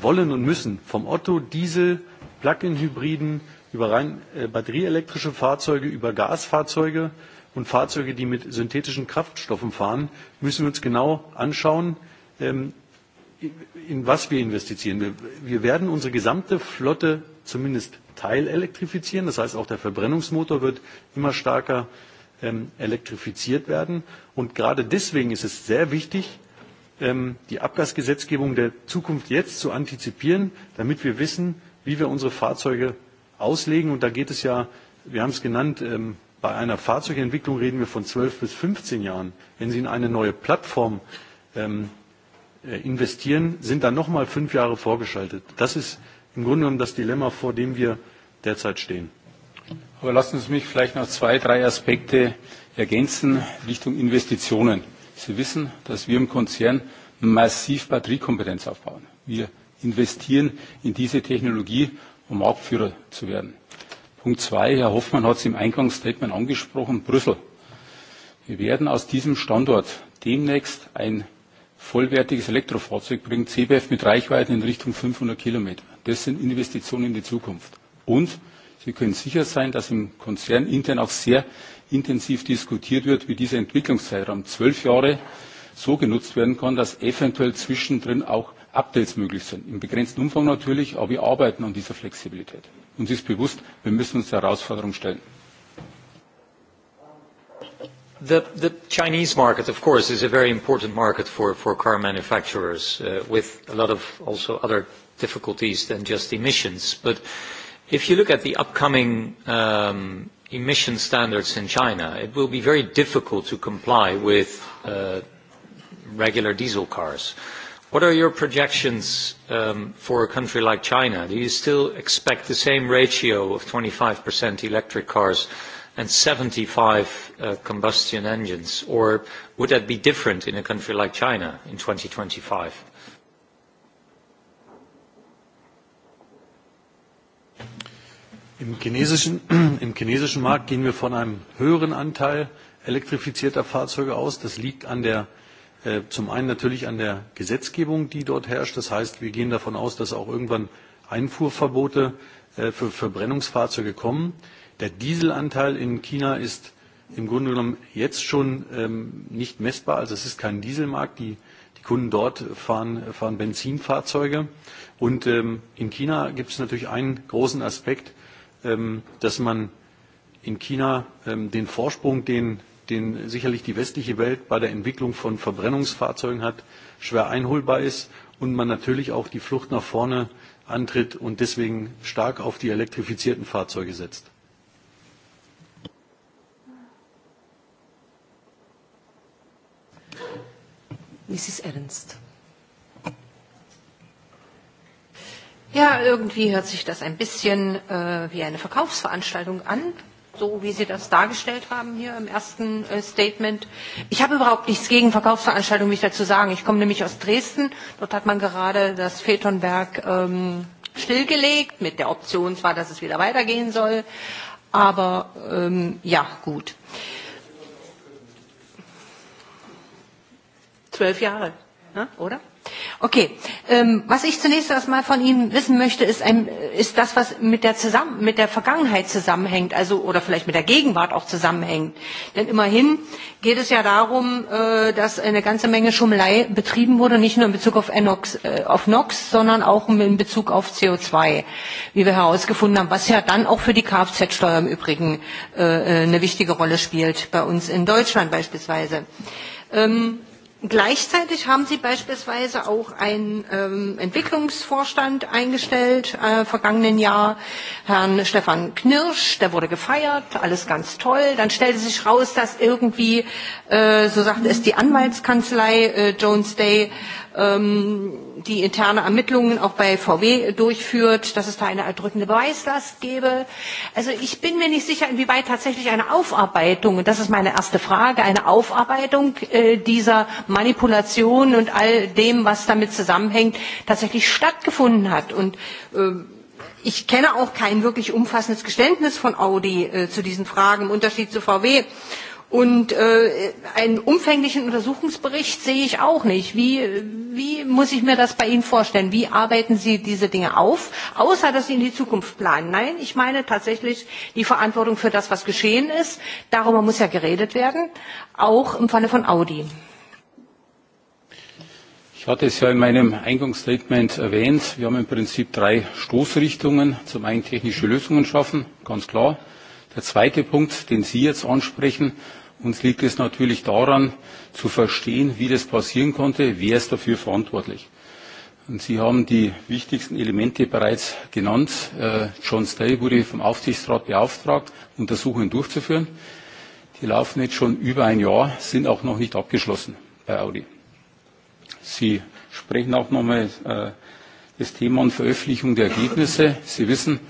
wollen und müssen, vom Otto, Diesel, Plug-in-Hybriden über rein batterieelektrische Fahrzeuge, über Gasfahrzeuge und Fahrzeuge, die mit synthetischen Kraftstoffen fahren, müssen wir uns genau anschauen, in was wir investieren. Wir werden unsere gesamte Flotte zumindest teilelektrifizieren. Das heißt, auch der Verbrennungsmotor wird immer stärker elektrifiziert werden. Und gerade deswegen ist es sehr wichtig, die Abgasgesetzgebung der Zukunft jetzt zu antizipieren, damit wir wissen, wie wir unsere Fahrzeuge auslegen. Und da geht es ja, wir haben es genannt, bei einer Fahrzeugentwicklung reden wir von 12 bis 15 Jahren. Wenn Sie in eine neue Plattform investieren, sind dann nochmal fünf Jahre vorgeschaltet. Das ist im Grunde genommen das Dilemma, vor dem wir derzeit stehen. Aber lassen Sie mich vielleicht noch zwei, drei Aspekte ergänzen Richtung Investitionen. Sie wissen, dass wir im Konzern massiv Batteriekompetenz aufbauen. Wir investieren in diese Technologie um Marktführer zu werden. Punkt zwei, Herr Hoffmann hat es im Eingangsstatement angesprochen, Brüssel. Wir werden aus diesem Standort demnächst ein vollwertiges Elektrofahrzeug bringen, CBF mit Reichweiten in Richtung 500 Kilometer. Das sind Investitionen in die Zukunft. Und Sie können sicher sein, dass im Konzern intern auch sehr intensiv diskutiert wird, wie dieser Entwicklungszeitraum zwölf Jahre so genutzt werden kann, dass eventuell zwischendrin auch Updates möglich sind. Im begrenzten Umfang natürlich, aber wir arbeiten an dieser Flexibilität. Uns ist bewusst, wir müssen uns der Herausforderung stellen. The Chinese market, of course, is a very important market for car manufacturers with a lot of also other difficulties than just emissions. But if you look at the upcoming emission standards in China, it will be very difficult to comply with regular diesel cars. What are your projections for a country like China? Do you still expect the same ratio of 25% electric cars and 75 combustion engines, or would that be different in a country like China in 2025? Im chinesischen Markt gehen wir von einem höheren Anteil elektrifizierter Fahrzeuge aus. Das liegt an der Zum einen natürlich an der Gesetzgebung, die dort herrscht. Das heißt, wir gehen davon aus, dass auch irgendwann Einfuhrverbote für Verbrennungsfahrzeuge kommen. Der Dieselanteil in China ist im Grunde genommen jetzt schon nicht messbar. Also es ist kein Dieselmarkt. Die Kunden dort fahren Benzinfahrzeuge. Und in China gibt es natürlich einen großen Aspekt, dass man in China den Vorsprung, den den sicherlich die westliche Welt bei der Entwicklung von Verbrennungsfahrzeugen hat, schwer einholbar ist und man natürlich auch die Flucht nach vorne antritt und deswegen stark auf die elektrifizierten Fahrzeuge setzt. Mrs. Ernst. Ja, irgendwie hört sich das ein bisschen wie eine Verkaufsveranstaltung an so wie Sie das dargestellt haben hier im ersten Statement. Ich habe überhaupt nichts gegen Verkaufsveranstaltungen, mich dazu sagen. Ich komme nämlich aus Dresden. Dort hat man gerade das Fetonberg stillgelegt, mit der Option zwar, dass es wieder weitergehen soll, aber ja, gut. Zwölf Jahre, oder? Okay. Was ich zunächst erstmal von Ihnen wissen möchte, ist das, was mit der Vergangenheit zusammenhängt, also oder vielleicht mit der Gegenwart auch zusammenhängt. Denn immerhin geht es ja darum, dass eine ganze Menge Schummelei betrieben wurde, nicht nur in Bezug auf NOx, sondern auch in Bezug auf CO2, wie wir herausgefunden haben, was ja dann auch für die Kfz-Steuer im Übrigen eine wichtige Rolle spielt, bei uns in Deutschland beispielsweise. Ähm Gleichzeitig haben Sie beispielsweise auch einen Entwicklungsvorstand eingestellt vergangenen Jahr, Herrn Stefan Knirsch, der wurde gefeiert, alles ganz toll. Dann stellte sich raus, dass irgendwie, so sagt es die Anwaltskanzlei Jones Day, die interne Ermittlungen auch bei VW durchführt, dass es da eine erdrückende Beweislast gäbe. Also ich bin mir nicht sicher, inwieweit tatsächlich eine Aufarbeitung, und das ist meine erste Frage, eine Aufarbeitung dieser Manipulation und all dem, was damit zusammenhängt, tatsächlich stattgefunden hat. Und ich kenne auch kein wirklich umfassendes Geständnis von Audi zu diesen Fragen im Unterschied zu VW. Und einen umfänglichen Untersuchungsbericht sehe ich auch nicht. Wie muss ich mir das bei Ihnen vorstellen? Wie arbeiten Sie diese Dinge auf, außer dass Sie in die Zukunft planen? Nein, ich meine tatsächlich die Verantwortung für das, was geschehen ist. Darüber muss ja geredet werden, auch im Falle von Audi. Ich hatte es ja in meinem Eingangsstatement erwähnt. Wir haben im Prinzip drei Stoßrichtungen. Zum einen technische Lösungen schaffen, ganz klar. Der zweite Punkt, den Sie jetzt ansprechen, Uns liegt es natürlich daran, zu verstehen, wie das passieren konnte, wer ist dafür verantwortlich. Sie haben die wichtigsten Elemente bereits genannt. John Stay wurde vom Aufsichtsrat beauftragt, Untersuchungen durchzuführen. Die laufen jetzt schon über ein Jahr, sind auch noch nicht abgeschlossen bei Audi. Sie sprechen auch nochmal das Thema Veröffentlichung der Ergebnisse. Sie wissen,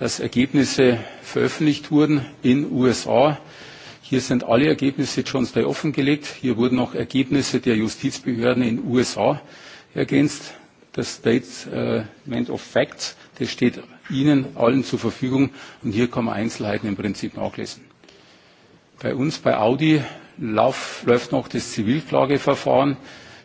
dass Ergebnisse veröffentlicht wurden in USA Hier sind alle Ergebnisse John offengelegt. Hier wurden auch Ergebnisse der Justizbehörden in den USA ergänzt. Das Statement of Facts, das steht Ihnen allen zur Verfügung. Und hier kann man Einzelheiten im Prinzip nachlesen. Bei uns, bei Audi, läuft noch das Zivilklageverfahren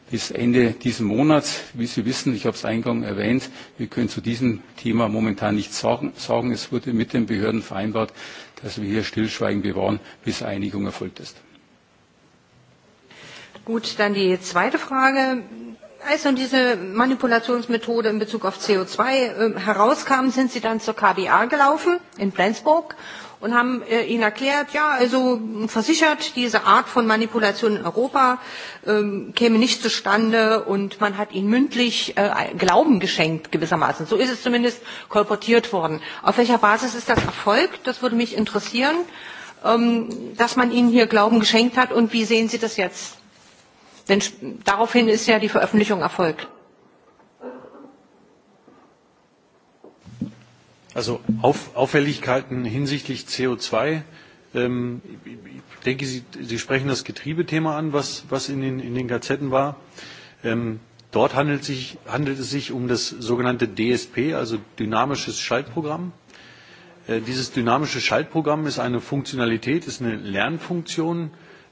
bis Ende dieses Monats. Wie Sie wissen, ich habe es eingangs erwähnt, wir können zu diesem Thema momentan nichts sagen. Es wurde mit den Behörden vereinbart, dass wir hier Stillschweigen bewahren, bis Einigung erfolgt ist. Gut, dann die zweite Frage. Als nun diese Manipulationsmethode in Bezug auf CO2 herauskam, sind Sie dann zur KBA gelaufen in Flensburg und haben ihnen erklärt, ja, also versichert, diese Art von Manipulation in Europa käme nicht zustande und man hat ihnen mündlich Glauben geschenkt gewissermaßen. So ist es zumindest kolportiert worden. Auf welcher Basis ist das erfolgt? Das würde mich interessieren, dass man ihnen hier Glauben geschenkt hat und wie sehen Sie das jetzt? Denn daraufhin ist ja die Veröffentlichung erfolgt. Also Auffälligkeiten hinsichtlich CO2. Ich denke, Sie sprechen das Getriebethema an, was in den Gazetten war. Dort handelt es sich um das sogenannte DSP, also dynamisches Schaltprogramm. Dieses dynamische Schaltprogramm ist eine Funktionalität, ist eine Lernfunktion,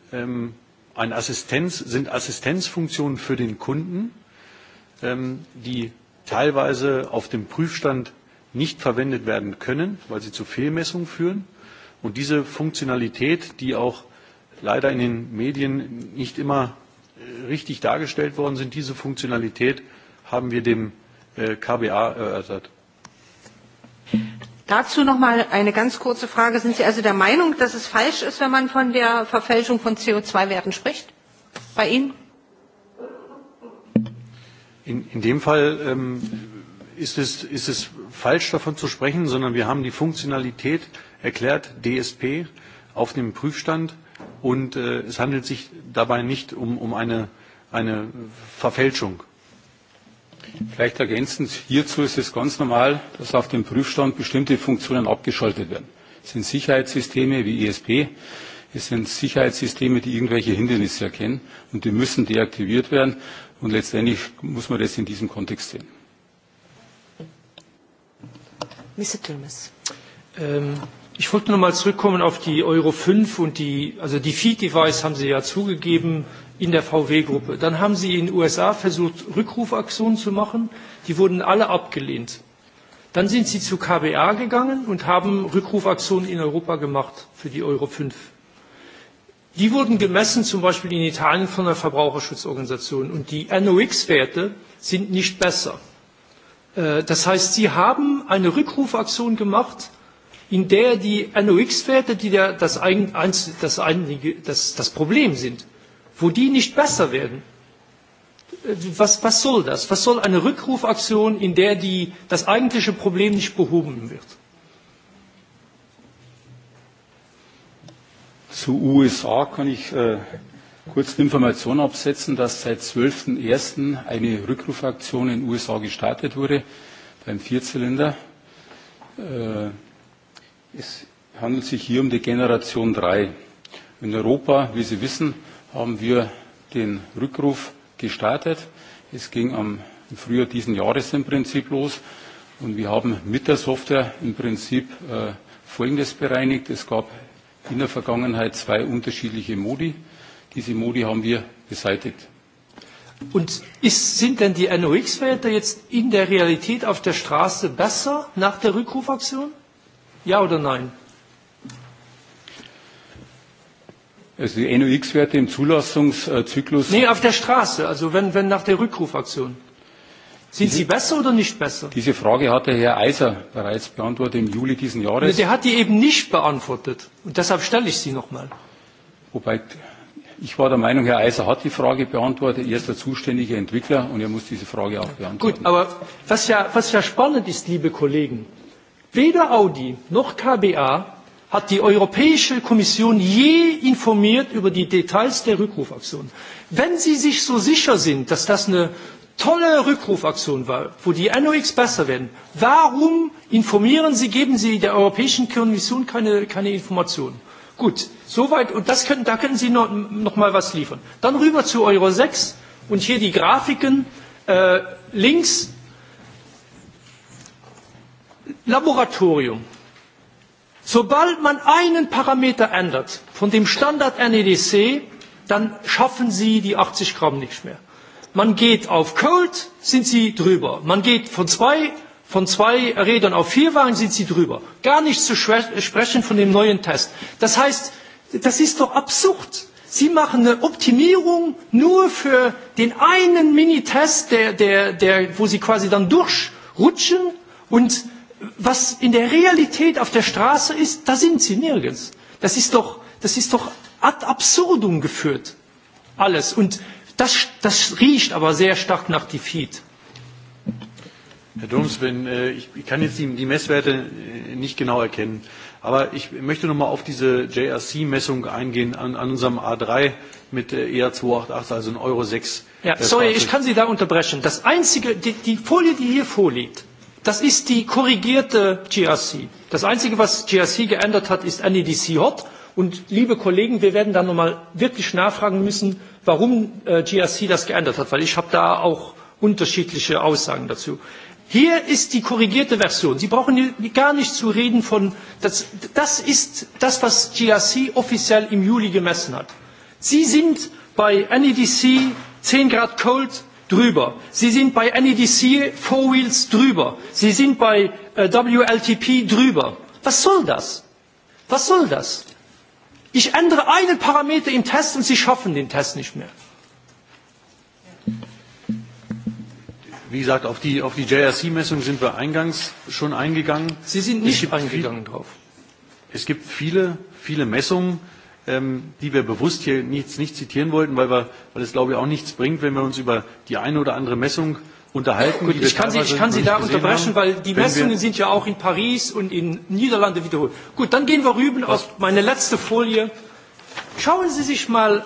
sind Assistenzfunktionen für den Kunden, die teilweise auf dem Prüfstand nicht verwendet werden können, weil sie zu Fehlmessungen führen. Und diese Funktionalität, die auch leider in den Medien nicht immer richtig dargestellt worden sind, diese Funktionalität haben wir dem KBA erörtert. Dazu noch mal eine ganz kurze Frage. Sind Sie also der Meinung, dass es falsch ist, wenn man von der Verfälschung von CO2-Werten spricht? Bei Ihnen? In dem Fall ist es falsch davon zu sprechen, sondern wir haben die Funktionalität erklärt, DSP, auf dem Prüfstand. Und es handelt sich dabei nicht um eine Verfälschung. Vielleicht ergänzend hierzu ist es ganz normal, dass auf dem Prüfstand bestimmte Funktionen abgeschaltet werden. Es sind Sicherheitssysteme wie ESP, es sind Sicherheitssysteme, die irgendwelche Hindernisse erkennen, und die müssen deaktiviert werden, und letztendlich muss man das in diesem Kontext sehen. Mr. Präsident. Ich wollte noch mal zurückkommen auf die Euro 5 und die, also die Feed-Device haben Sie ja zugegeben in der VW-Gruppe. Dann haben Sie in den USA versucht, Rückrufaktionen zu machen. Die wurden alle abgelehnt. Dann sind Sie zu KBA gegangen und haben Rückrufaktionen in Europa gemacht für die Euro 5. Die wurden gemessen, zum Beispiel in Italien von der Verbraucherschutzorganisation. Und die NOx-Werte sind nicht besser. Das heißt, Sie haben eine Rückrufaktion gemacht, in der die NOx-Werte, die das Problem sind, wo die nicht besser werden. Was soll das? Was soll eine Rückrufaktion, in der das eigentliche Problem nicht behoben wird? Zu USA kann ich Kurz eine Information absetzen, dass seit 12.01. eine Rückrufaktion in den USA gestartet wurde beim Vierzylinder. Es handelt sich hier um die Generation 3. In Europa, wie Sie wissen, haben wir den Rückruf gestartet. Es ging am Frühjahr diesen Jahres im Prinzip los. Und wir haben mit der Software im Prinzip Folgendes bereinigt. Es gab in der Vergangenheit zwei unterschiedliche Modi. Diese Modi haben wir beseitigt. Und sind denn die NOx-Werte jetzt in der Realität auf der Straße besser nach der Rückrufaktion? Ja oder nein? Also die NOx-Werte im Zulassungszyklus. Nee, auf der Straße, also wenn, nach der Rückrufaktion. Sind sie besser oder nicht besser? Diese Frage hatte Herr Eiser bereits beantwortet im Juli diesen Jahres. Der hat die eben nicht beantwortet. Und deshalb stelle ich sie nochmal. Wobei Ich war der Meinung, Herr Eiser hat die Frage beantwortet. Er ist der zuständige Entwickler und er muss diese Frage auch beantworten. Gut, aber was ja, was ja spannend ist, liebe Kollegen, weder Audi noch KBA hat die Europäische Kommission je informiert über die Details der Rückrufaktion. Wenn Sie sich so sicher sind, dass das eine tolle Rückrufaktion war, wo die NOx besser werden, warum informieren Sie, geben Sie der Europäischen Kommission keine Informationen? Gut, soweit, und das können, da können Sie noch, mal was liefern. Dann rüber zu Euro 6 und hier die Grafiken. links Laboratorium. Sobald man einen Parameter ändert von dem Standard NEDC, dann schaffen Sie die 80 Gramm nicht mehr. Man geht auf Cold, sind Sie drüber. Man geht von 2 Von zwei Rädern auf vier waren sind sie drüber. Gar nicht zu sprechen von dem neuen Test. Das heißt, das ist doch absurd. Sie machen eine Optimierung nur für den einen Minitest, wo Sie quasi dann durchrutschen und was in der Realität auf der Straße ist, da sind Sie nirgends. Das ist doch ad absurdum geführt, alles. Und das riecht aber sehr stark nach Defeat. Herr Doms, wenn, ich kann jetzt die Messwerte nicht genau erkennen, aber ich möchte noch mal auf diese JRC-Messung eingehen an, unserem A3 mit ER288, also in Euro 6. Ja, sorry, ich kann Sie da unterbrechen. Das einzige, die, Folie, die hier vorliegt, das ist die korrigierte GRC. Das einzige, was GRC geändert hat, ist NEDC Hot. Und liebe Kollegen, wir werden da mal wirklich nachfragen müssen, warum GRC das geändert hat, weil ich habe da auch unterschiedliche Aussagen dazu. Hier ist die korrigierte Version. Sie brauchen gar nicht zu reden von, das ist das, was GRC offiziell im Juli gemessen hat. Sie sind bei NEDC 10 Grad Cold drüber. Sie sind bei NEDC Four Wheels drüber. Sie sind bei WLTP drüber. Was soll das? Was soll das? Ich ändere einen Parameter im Test und Sie schaffen den Test nicht mehr. Wie gesagt, auf die, auf die JRC-Messung sind wir eingangs schon eingegangen. Sie sind nicht eingegangen drauf. Es gibt viele, viele Messungen, die wir bewusst hier nicht, nicht zitieren wollten, weil, weil es, glaube ich, auch nichts bringt, wenn wir uns über die eine oder andere Messung unterhalten. Gut, ich, kann Sie, kann Sie da unterbrechen, weil die Messungen sind ja auch in Paris und in Niederlande wiederholt. Gut, dann gehen wir rüber auf meine letzte Folie. Schauen Sie sich mal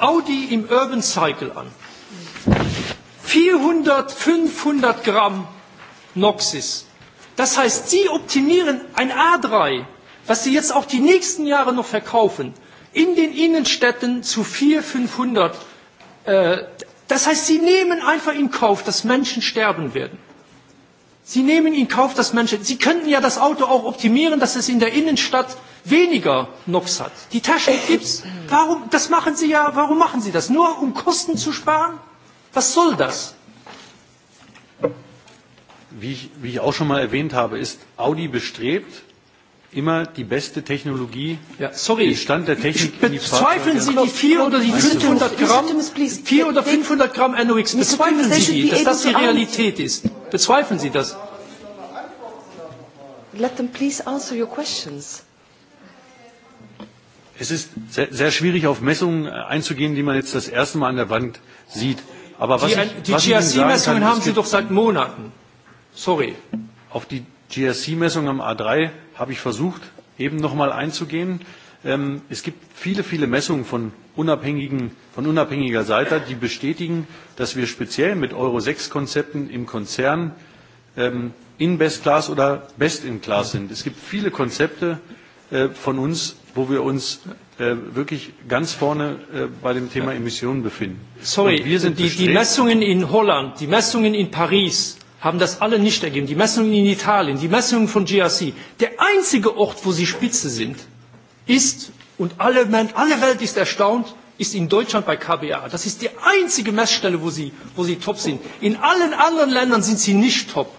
Audi im Urban Cycle an. 400, 500 Gramm Noxis. Das heißt, Sie optimieren ein A3, was Sie jetzt auch die nächsten Jahre noch verkaufen, in den Innenstädten zu 400, 500. Das heißt, Sie nehmen einfach in Kauf, dass Menschen sterben werden. Sie nehmen in Kauf, dass Menschen... Sie könnten ja das Auto auch optimieren, dass es in der Innenstadt weniger NOx hat. Die Taschen gibt es. machen Sie ja. Warum machen Sie das? Nur um Kosten zu sparen? Was soll das? Wie ich auch schon mal erwähnt habe, ist Audi bestrebt, immer die beste Technologie, den Stand der Technik in die Bezweifeln Sie die 4 oder die 500 Gramm, 4 oder 500 Gramm NOx, bezweifeln Sie die, dass das die Realität ist? Bezweifeln Sie das? Let them please answer your questions. Es ist sehr schwierig, auf Messungen einzugehen, die man jetzt das erste Mal an der Wand sieht. Aber was die GRC-Messungen haben Sie doch seit Monaten. Sorry. Auf die GRC-Messung am A3 habe ich versucht, eben noch mal einzugehen. Es gibt viele, viele Messungen von unabhängiger Seite, die bestätigen, dass wir speziell mit Euro-6-Konzepten im Konzern in Best Class oder Best in Class sind. Es gibt viele Konzepte von uns, wo wir uns wirklich ganz vorne bei dem Thema Emissionen befinden. Sorry, wir sind die Messungen in Holland, die Messungen in Paris haben das alle nicht ergeben. Die Messungen in Italien, die Messungen von GRC. Der einzige Ort, wo sie Spitze sind, ist, und alle Welt ist erstaunt, ist in Deutschland bei KBA. Das ist die einzige Messstelle, wo sie top sind. In allen anderen Ländern sind sie nicht top.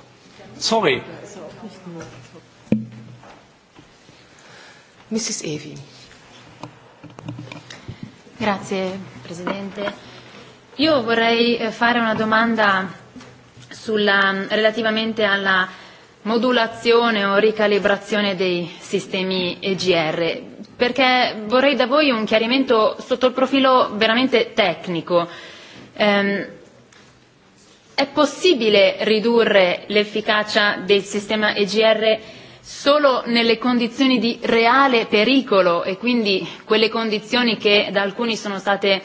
Sorry. Mrs. Evi. Grazie, Presidente. Io vorrei fare una domanda relativamente alla modulazione o ricalibrazione dei sistemi EGR, perché vorrei da voi un chiarimento sotto il profilo veramente tecnico. È possibile ridurre l'efficacia del sistema EGR solo nelle condizioni di reale pericolo e quindi quelle condizioni che da alcuni sono state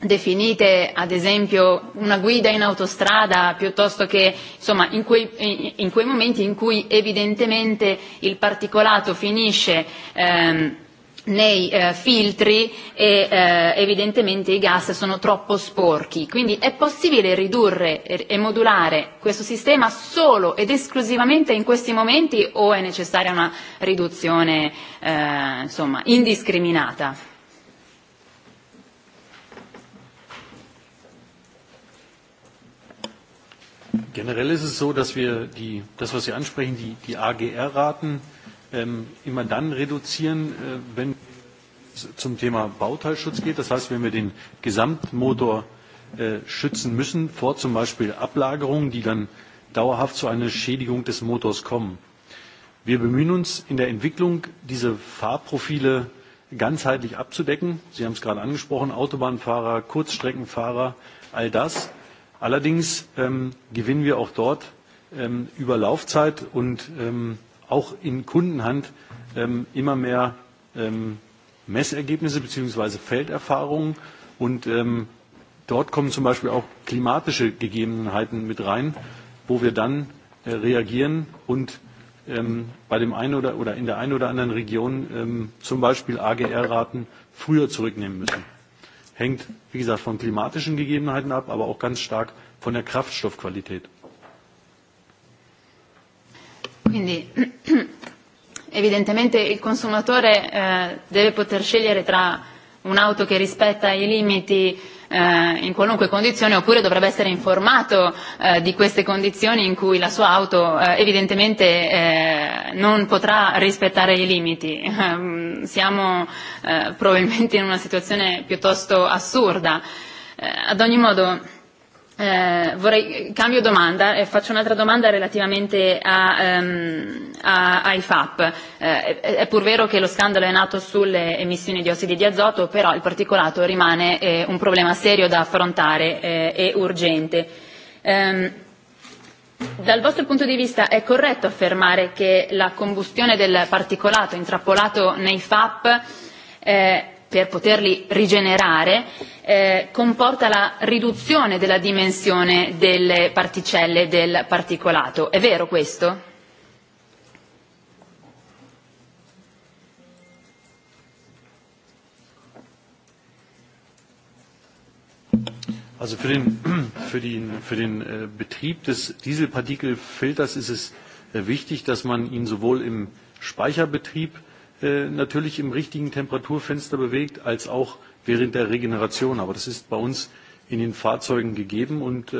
definite ad esempio una guida in autostrada piuttosto che insomma in quei in quei momenti in cui evidentemente il particolato finisce nei filtri e evidentemente i gas sono troppo sporchi. Quindi è possibile ridurre e modulare questo sistema solo ed esclusivamente in questi momenti o è necessaria una riduzione insomma indiscriminata? Generell ist es so, dass wir die das was Sie ansprechen, die die AGR Raten immer dann reduzieren, wenn es zum Thema Bauteilschutz geht. Das heißt, wenn wir den Gesamtmotor schützen müssen vor zum Beispiel Ablagerungen, die dann dauerhaft zu einer Schädigung des Motors kommen. Wir bemühen uns in der Entwicklung, diese Fahrprofile ganzheitlich abzudecken. Sie haben es gerade angesprochen, Autobahnfahrer, Kurzstreckenfahrer, all das. Allerdings gewinnen wir auch dort über Laufzeit und auch in Kundenhand immer mehr Messergebnisse bzw. Felderfahrungen. Und dort kommen zum Beispiel auch klimatische Gegebenheiten mit rein, wo wir dann reagieren und bei dem einen oder, oder in der einen oder anderen Region zum Beispiel AGR-Raten früher zurücknehmen müssen. Hängt, wie gesagt, von klimatischen Gegebenheiten ab, aber auch ganz stark von der Kraftstoffqualität evidentemente il consumatore deve poter scegliere tra un'auto che rispetta i limiti in qualunque condizione oppure dovrebbe essere informato di queste condizioni in cui la sua auto evidentemente non potrà rispettare i limiti. Siamo probabilmente in una situazione piuttosto assurda. Ad ogni modo Vorrei cambio domanda e faccio un'altra domanda relativamente ai FAP. È pur vero che lo scandalo è nato sulle emissioni di ossidi di azoto, però il particolato rimane un problema serio da affrontare e urgente. Dal vostro punto di vista è corretto affermare che la combustione del particolato intrappolato nei FAP per poterli rigenerare comporta la riduzione della dimensione delle particelle del particolato. È vero questo? Also für den, für den, für den Betrieb des Dieselpartikelfilters ist es wichtig, dass man ihn sowohl im Speicherbetrieb natürlich im richtigen Temperaturfenster bewegt, als auch während der Regeneration. Aber das ist bei uns in den Fahrzeugen gegeben und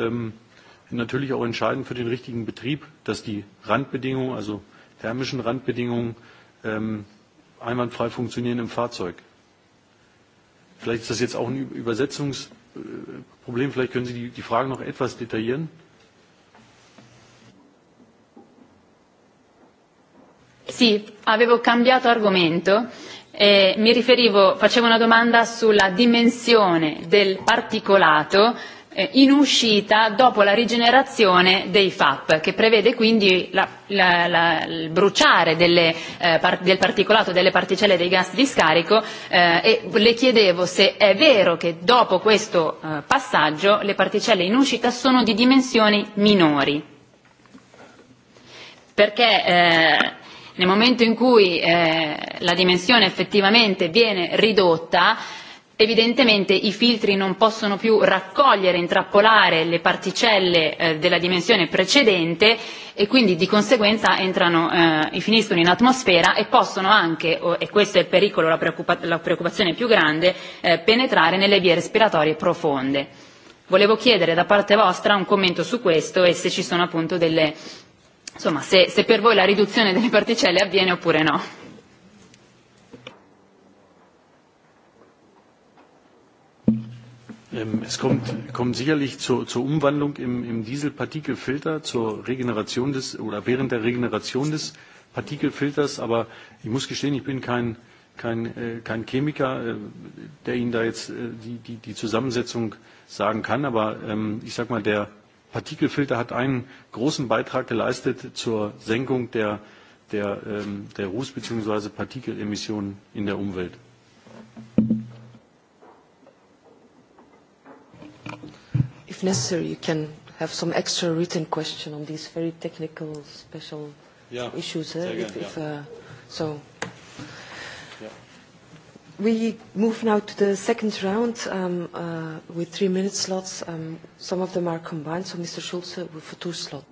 natürlich auch entscheidend für den richtigen Betrieb, dass die Randbedingungen, also thermischen Randbedingungen, einwandfrei funktionieren im Fahrzeug. Vielleicht ist das jetzt auch ein Übersetzungsproblem. Vielleicht können Sie die Frage noch etwas detaillieren. Sì, avevo cambiato argomento. e mi riferivo, facevo una domanda sulla dimensione del particolato in uscita dopo la rigenerazione dei FAP, che prevede quindi il bruciare del particolato delle particelle dei gas di scarico e le chiedevo se è vero che dopo questo passaggio le particelle in uscita sono di dimensioni minori. Perché nel momento in cui la dimensione effettivamente viene ridotta evidentemente i filtri non possono più raccogliere intrappolare le particelle della dimensione precedente e quindi di conseguenza entrano finiscono in atmosfera e possono anche e questo è il pericolo la preoccupazione più grande penetrare nelle vie respiratorie profonde. volevo chiedere da parte vostra un commento su questo e se ci sono appunto delle insomma se se per voi la riduzione delle particelle avviene oppure no Es kommt, kommt sicherlich zur, zur Umwandlung im, im Dieselpartikelfilter, zur Regeneration des oder während der Regeneration des Partikelfilters, aber ich muss gestehen, ich bin kein, kein, kein Chemiker, der Ihnen da jetzt die, die, die Zusammensetzung sagen kann, aber ich sag mal, der, Partikelfilter hat einen großen Beitrag geleistet zur Senkung der der, der ähm, Ruß- bzw. Partikelemissionen in der Umwelt. If necessary, you can have some extra written question on these very technical, special issues. if, So We move now to the second round um, with three minute slots. Um, Some of them are combined, so Mr. Schulze for two slots.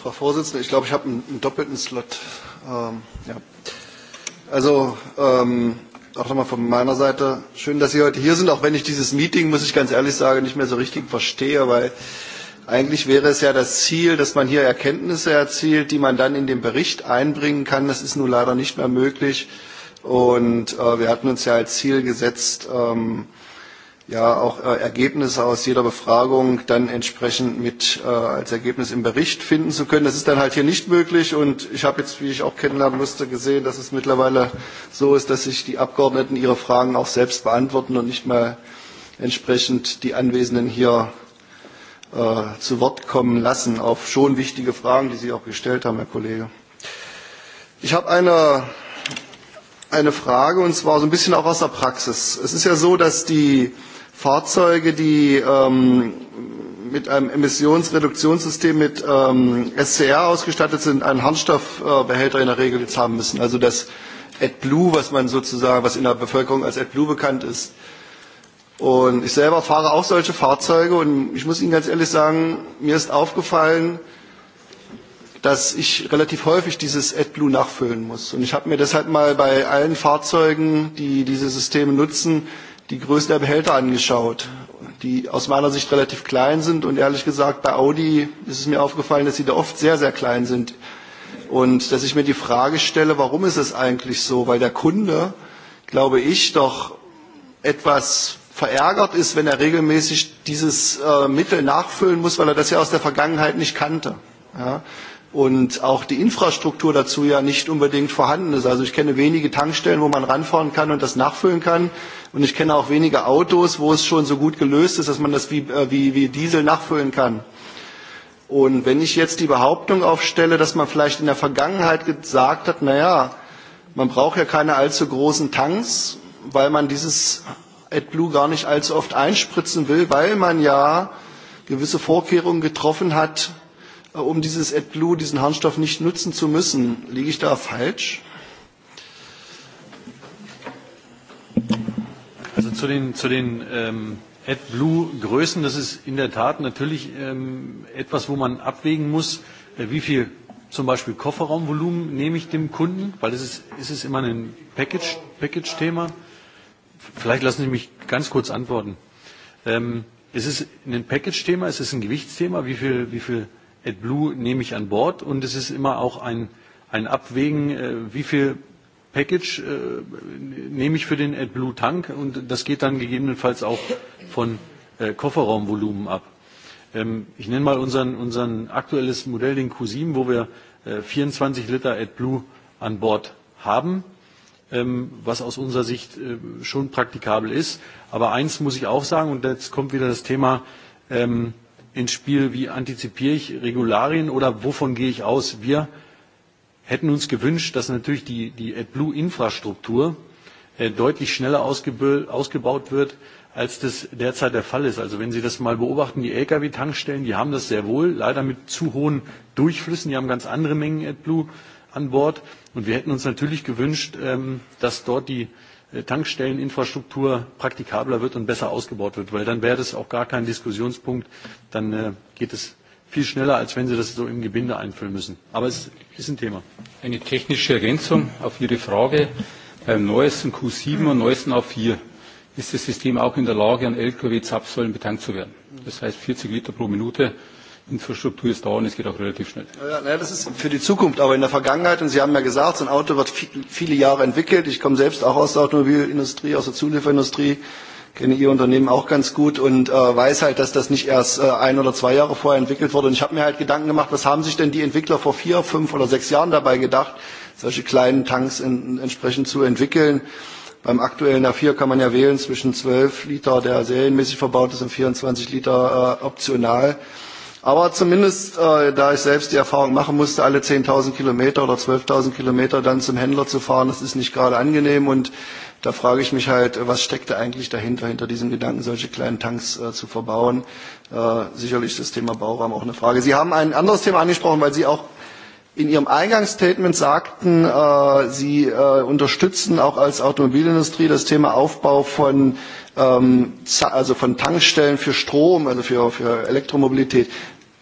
Frau Vorsitzende, ich glaube, ich habe einen doppelten Slot. ja. Also ähm, auch nochmal von meiner Seite schön, dass Sie heute hier sind, auch wenn ich dieses Meeting, muss ich ganz ehrlich sagen, nicht mehr so richtig verstehe, weil Eigentlich wäre es ja das Ziel, dass man hier Erkenntnisse erzielt, die man dann in den Bericht einbringen kann. Das ist nun leider nicht mehr möglich. Und wir hatten uns ja als Ziel gesetzt, ja auch Ergebnisse aus jeder Befragung dann entsprechend mit als Ergebnis im Bericht finden zu können. Das ist dann halt hier nicht möglich. Und ich habe jetzt, wie ich auch kennenlernen musste, gesehen, dass es mittlerweile so ist, dass sich die Abgeordneten ihre Fragen auch selbst beantworten und nicht mehr entsprechend die Anwesenden hier zu Wort kommen lassen auf schon wichtige Fragen, die Sie auch gestellt haben, Herr Kollege. Ich habe eine eine Frage, und zwar so ein bisschen auch aus der Praxis. Es ist ja so, dass die Fahrzeuge, die mit einem Emissionsreduktionssystem mit SCR ausgestattet sind, einen Harnstoffbehälter in der Regel jetzt haben müssen. Also das AdBlue, was man sozusagen, was in der Bevölkerung als AdBlue bekannt ist, Und ich selber fahre auch solche Fahrzeuge und ich muss Ihnen ganz ehrlich sagen, mir ist aufgefallen, dass ich relativ häufig dieses AdBlue nachfüllen muss. Und ich habe mir deshalb mal bei allen Fahrzeugen, die diese Systeme nutzen, die Größe der Behälter angeschaut, die aus meiner Sicht relativ klein sind. Und ehrlich gesagt, bei Audi ist es mir aufgefallen, dass sie da oft sehr, sehr klein sind. Und dass ich mir die Frage stelle, warum ist es eigentlich so? Weil der Kunde, glaube ich, doch etwas verärgert ist, wenn er regelmäßig dieses Mittel nachfüllen muss, weil er das ja aus der Vergangenheit nicht kannte. Und auch die Infrastruktur dazu ja nicht unbedingt vorhanden ist. Also ich kenne wenige Tankstellen, wo man ranfahren kann und das nachfüllen kann. Und ich kenne auch wenige Autos, wo es schon so gut gelöst ist, dass man das wie Diesel nachfüllen kann. Und wenn ich jetzt die Behauptung aufstelle, dass man vielleicht in der Vergangenheit gesagt hat, naja, man braucht ja keine allzu großen Tanks, weil man dieses AdBlue gar nicht allzu oft einspritzen will, weil man ja gewisse Vorkehrungen getroffen hat, um dieses AdBlue, diesen Harnstoff nicht nutzen zu müssen. Liege ich da falsch? Also zu den, zu adblue AdBlue-Größen, das ist in der Tat natürlich etwas, wo man abwägen muss, wie viel zum Beispiel Kofferraumvolumen nehme ich dem Kunden, weil es ist, immer ein Package-Thema. package package thema Vielleicht lassen Sie mich ganz kurz antworten. Ist es ein Package-Thema? Ist ein Gewichtsthema? Wie viel, wie viel AdBlue nehme ich an Bord? Und es ist immer auch ein, ein Abwägen, wie viel Package nehme ich für den AdBlue-Tank? Und das geht dann gegebenenfalls auch von Kofferraumvolumen ab. Ich nenne mal unseren, unseren aktuelles Modell, den Q7, wo wir 24 Liter AdBlue an Bord haben was aus unserer Sicht schon praktikabel ist. Aber eins muss ich auch sagen, und jetzt kommt wieder das Thema ins Spiel, wie antizipiere ich Regularien oder wovon gehe ich aus? Wir hätten uns gewünscht, dass natürlich die AdBlue-Infrastruktur deutlich schneller ausgebaut wird, als das derzeit der Fall ist. Also wenn Sie das mal beobachten, die Lkw-Tankstellen, die haben das sehr wohl, leider mit zu hohen Durchflüssen, die haben ganz andere Mengen AdBlue an Bord. Und wir hätten uns natürlich gewünscht, dass dort die Tankstelleninfrastruktur praktikabler wird und besser ausgebaut wird, weil dann wäre das auch gar kein Diskussionspunkt. Dann geht es viel schneller, als wenn Sie das so im Gebinde einfüllen müssen. Aber es ist ein Thema. Eine technische Ergänzung auf Ihre Frage. Beim neuesten Q7 und neuesten A4 ist das System auch in der Lage, an Lkw zapfsäulen betankt zu werden. Das heißt 40 Liter pro Minute Infrastruktur ist dauernd, es geht auch relativ schnell. Ja, das ist für die Zukunft, aber in der Vergangenheit, und Sie haben ja gesagt, so ein Auto wird viele Jahre entwickelt. Ich komme selbst auch aus der Automobilindustrie, aus der Zulieferindustrie, kenne Ihr Unternehmen auch ganz gut und weiß halt, dass das nicht erst ein oder zwei Jahre vorher entwickelt wurde. Und ich habe mir halt Gedanken gemacht, was haben sich denn die Entwickler vor vier, fünf oder sechs Jahren dabei gedacht, solche kleinen Tanks entsprechend zu entwickeln. Beim aktuellen A4 kann man ja wählen zwischen 12 Liter, der serienmäßig verbaut ist, und 24 Liter optional. Aber zumindest, da ich selbst die Erfahrung machen musste, alle 10.000 Kilometer oder 12.000 Kilometer dann zum Händler zu fahren, das ist nicht gerade angenehm. Und da frage ich mich halt, was steckt da eigentlich dahinter, hinter diesem Gedanken, solche kleinen Tanks zu verbauen. Sicherlich ist das Thema Bauraum auch eine Frage. Sie haben ein anderes Thema angesprochen, weil Sie auch in Ihrem Eingangsstatement sagten, Sie unterstützen auch als Automobilindustrie das Thema Aufbau von also von Tankstellen für Strom, also für, für Elektromobilität.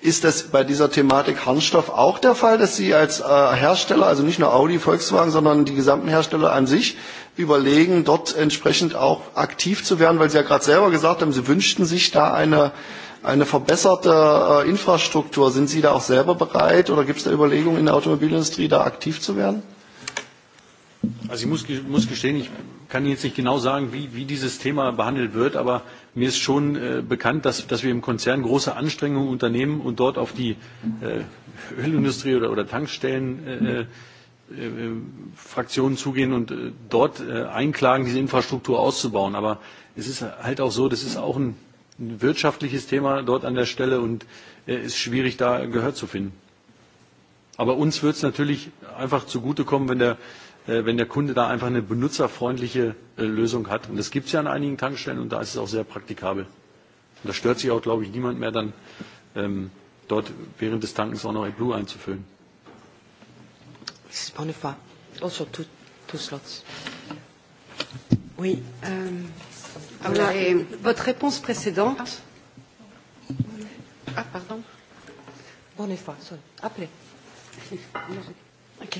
Ist das bei dieser Thematik Harnstoff auch der Fall, dass Sie als Hersteller, also nicht nur Audi, Volkswagen, sondern die gesamten Hersteller an sich, überlegen, dort entsprechend auch aktiv zu werden, weil Sie ja gerade selber gesagt haben, Sie wünschten sich da eine, eine verbesserte Infrastruktur. Sind Sie da auch selber bereit oder gibt es da Überlegungen in der Automobilindustrie, da aktiv zu werden? Also ich muss, muss gestehen, ich Ich kann jetzt nicht genau sagen, wie dieses Thema behandelt wird, aber mir ist schon bekannt, dass wir im Konzern große Anstrengungen unternehmen und dort auf die Ölindustrie oder Tankstellen Fraktionen zugehen und dort einklagen, diese Infrastruktur auszubauen. Aber es ist halt auch so, das ist auch ein wirtschaftliches Thema dort an der Stelle und es ist schwierig, da Gehör zu finden. Aber uns wird es natürlich einfach zugutekommen, wenn der wenn der Kunde da einfach eine benutzerfreundliche Lösung hat. Und das gibt es ja an einigen Tankstellen und da ist es auch sehr praktikabel. Und da stört sich auch, glaube ich, niemand mehr dann dort während des Tankens auch noch Blue einzufüllen. Also two, two slots. Oui. Alors, votre réponse précédente. Ah, pardon. Bonne fois, Ok.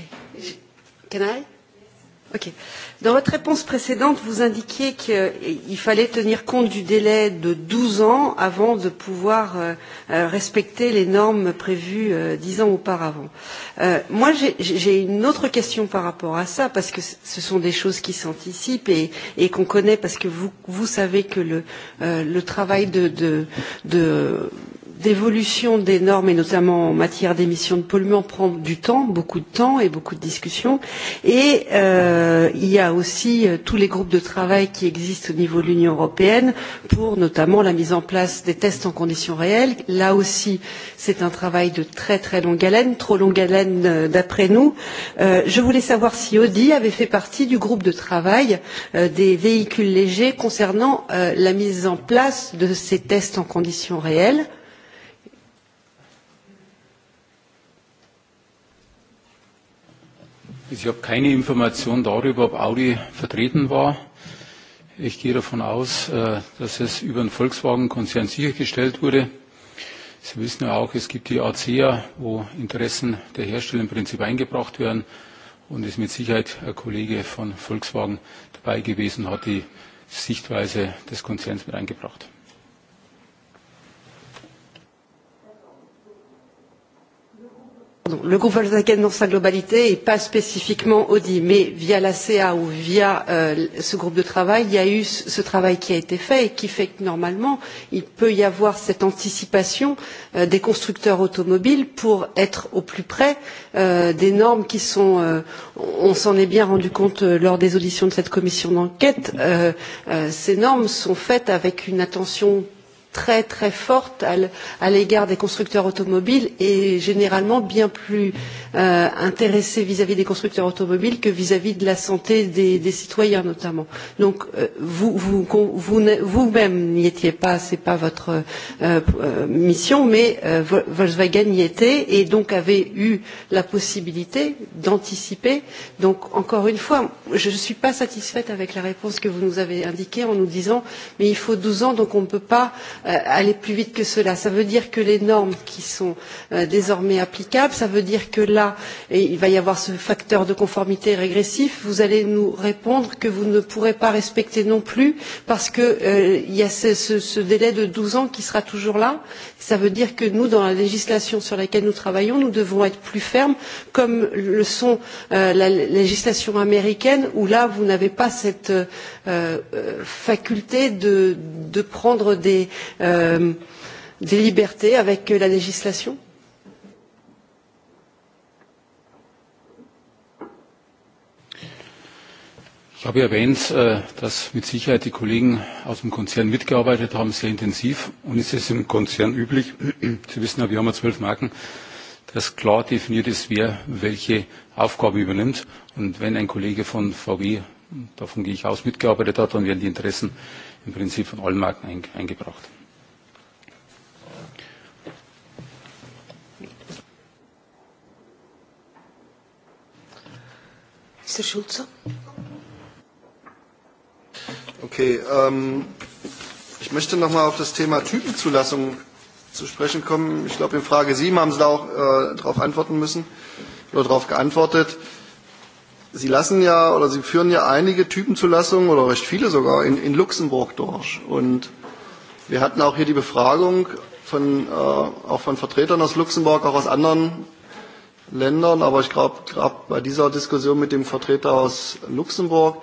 Dans votre réponse précédente, vous indiquiez qu'il fallait tenir compte du délai de 12 ans avant de pouvoir respecter les normes prévues 10 ans auparavant. Moi, j'ai une autre question par rapport à ça, parce que ce sont des choses qui s'anticipent et qu'on connaît, parce que vous savez que le travail de d'évolution des normes et notamment en matière d'émissions de polluants prend du temps, beaucoup de temps et beaucoup de discussions. Et il y a aussi tous les groupes de travail qui existent au niveau de l'Union européenne pour notamment la mise en place des tests en conditions réelles. Là aussi, c'est un travail de très très longue haleine, trop longue haleine d'après nous. Je voulais savoir si Audi avait fait partie du groupe de travail des véhicules légers concernant la mise en place de ces tests en conditions réelles Ich habe keine Information darüber, ob Audi vertreten war. Ich gehe davon aus, dass es über den Volkswagen-Konzern sichergestellt wurde. Sie wissen ja auch, es gibt die ACEA, wo Interessen der Hersteller im Prinzip eingebracht werden. Und es ist mit Sicherheit ein Kollege von Volkswagen dabei gewesen, hat die Sichtweise des Konzerns mit eingebracht. le groupe Volkswagen dans sa globalité et pas spécifiquement Audi, mais via la CA ou via ce groupe de travail, il y a eu ce travail qui a été fait et qui fait que normalement, il peut y avoir cette anticipation des constructeurs automobiles pour être au plus près des normes qui sont. On s'en est bien rendu compte lors des auditions de cette commission d'enquête. Ces normes sont faites avec une attention très très forte à l'égard des constructeurs automobiles et généralement bien plus intéressée vis-à-vis des constructeurs automobiles que vis-à-vis de la santé des citoyens notamment. Donc vous-même n'y étiez pas, ce n'est pas votre mission, mais Volkswagen y était et donc avait eu la possibilité d'anticiper. Donc encore une fois, je ne suis pas satisfaite avec la réponse que vous nous avez indiquée en nous disant mais il faut 12 ans donc on ne peut pas aller plus vite que cela. Cela veut dire que les normes qui sont désormais applicables, cela veut dire que là, il va y avoir ce facteur de conformité régressif, vous allez nous répondre que vous ne pourrez pas respecter non plus parce qu'il y a ce délai de 12 ans qui sera toujours là Cela veut dire que nous, dans la législation sur laquelle nous travaillons, nous devons être plus fermes, comme le sont la législation américaine, où là, vous n'avez pas cette faculté de prendre des libertés avec la législation Ich habe erwähnt, dass mit Sicherheit die Kollegen aus dem Konzern mitgearbeitet haben, sehr intensiv. Und es ist im Konzern üblich, Sie wissen ja, wir haben ja zwölf Marken, dass klar definiert ist, wer welche Aufgabe übernimmt. Und wenn ein Kollege von VW, davon gehe ich aus, mitgearbeitet hat, dann werden die Interessen im Prinzip von allen Marken eingebracht. Okay, ich möchte noch nochmal auf das Thema Typenzulassung zu sprechen kommen. Ich glaube, in Frage 7 haben Sie da auch darauf antworten müssen oder darauf geantwortet. Sie lassen ja oder Sie führen ja einige Typenzulassungen oder recht viele sogar in, Luxemburg durch. Und wir hatten auch hier die Befragung von, auch von Vertretern aus Luxemburg, auch aus anderen Ländern. Aber ich glaube, gerade bei dieser Diskussion mit dem Vertreter aus Luxemburg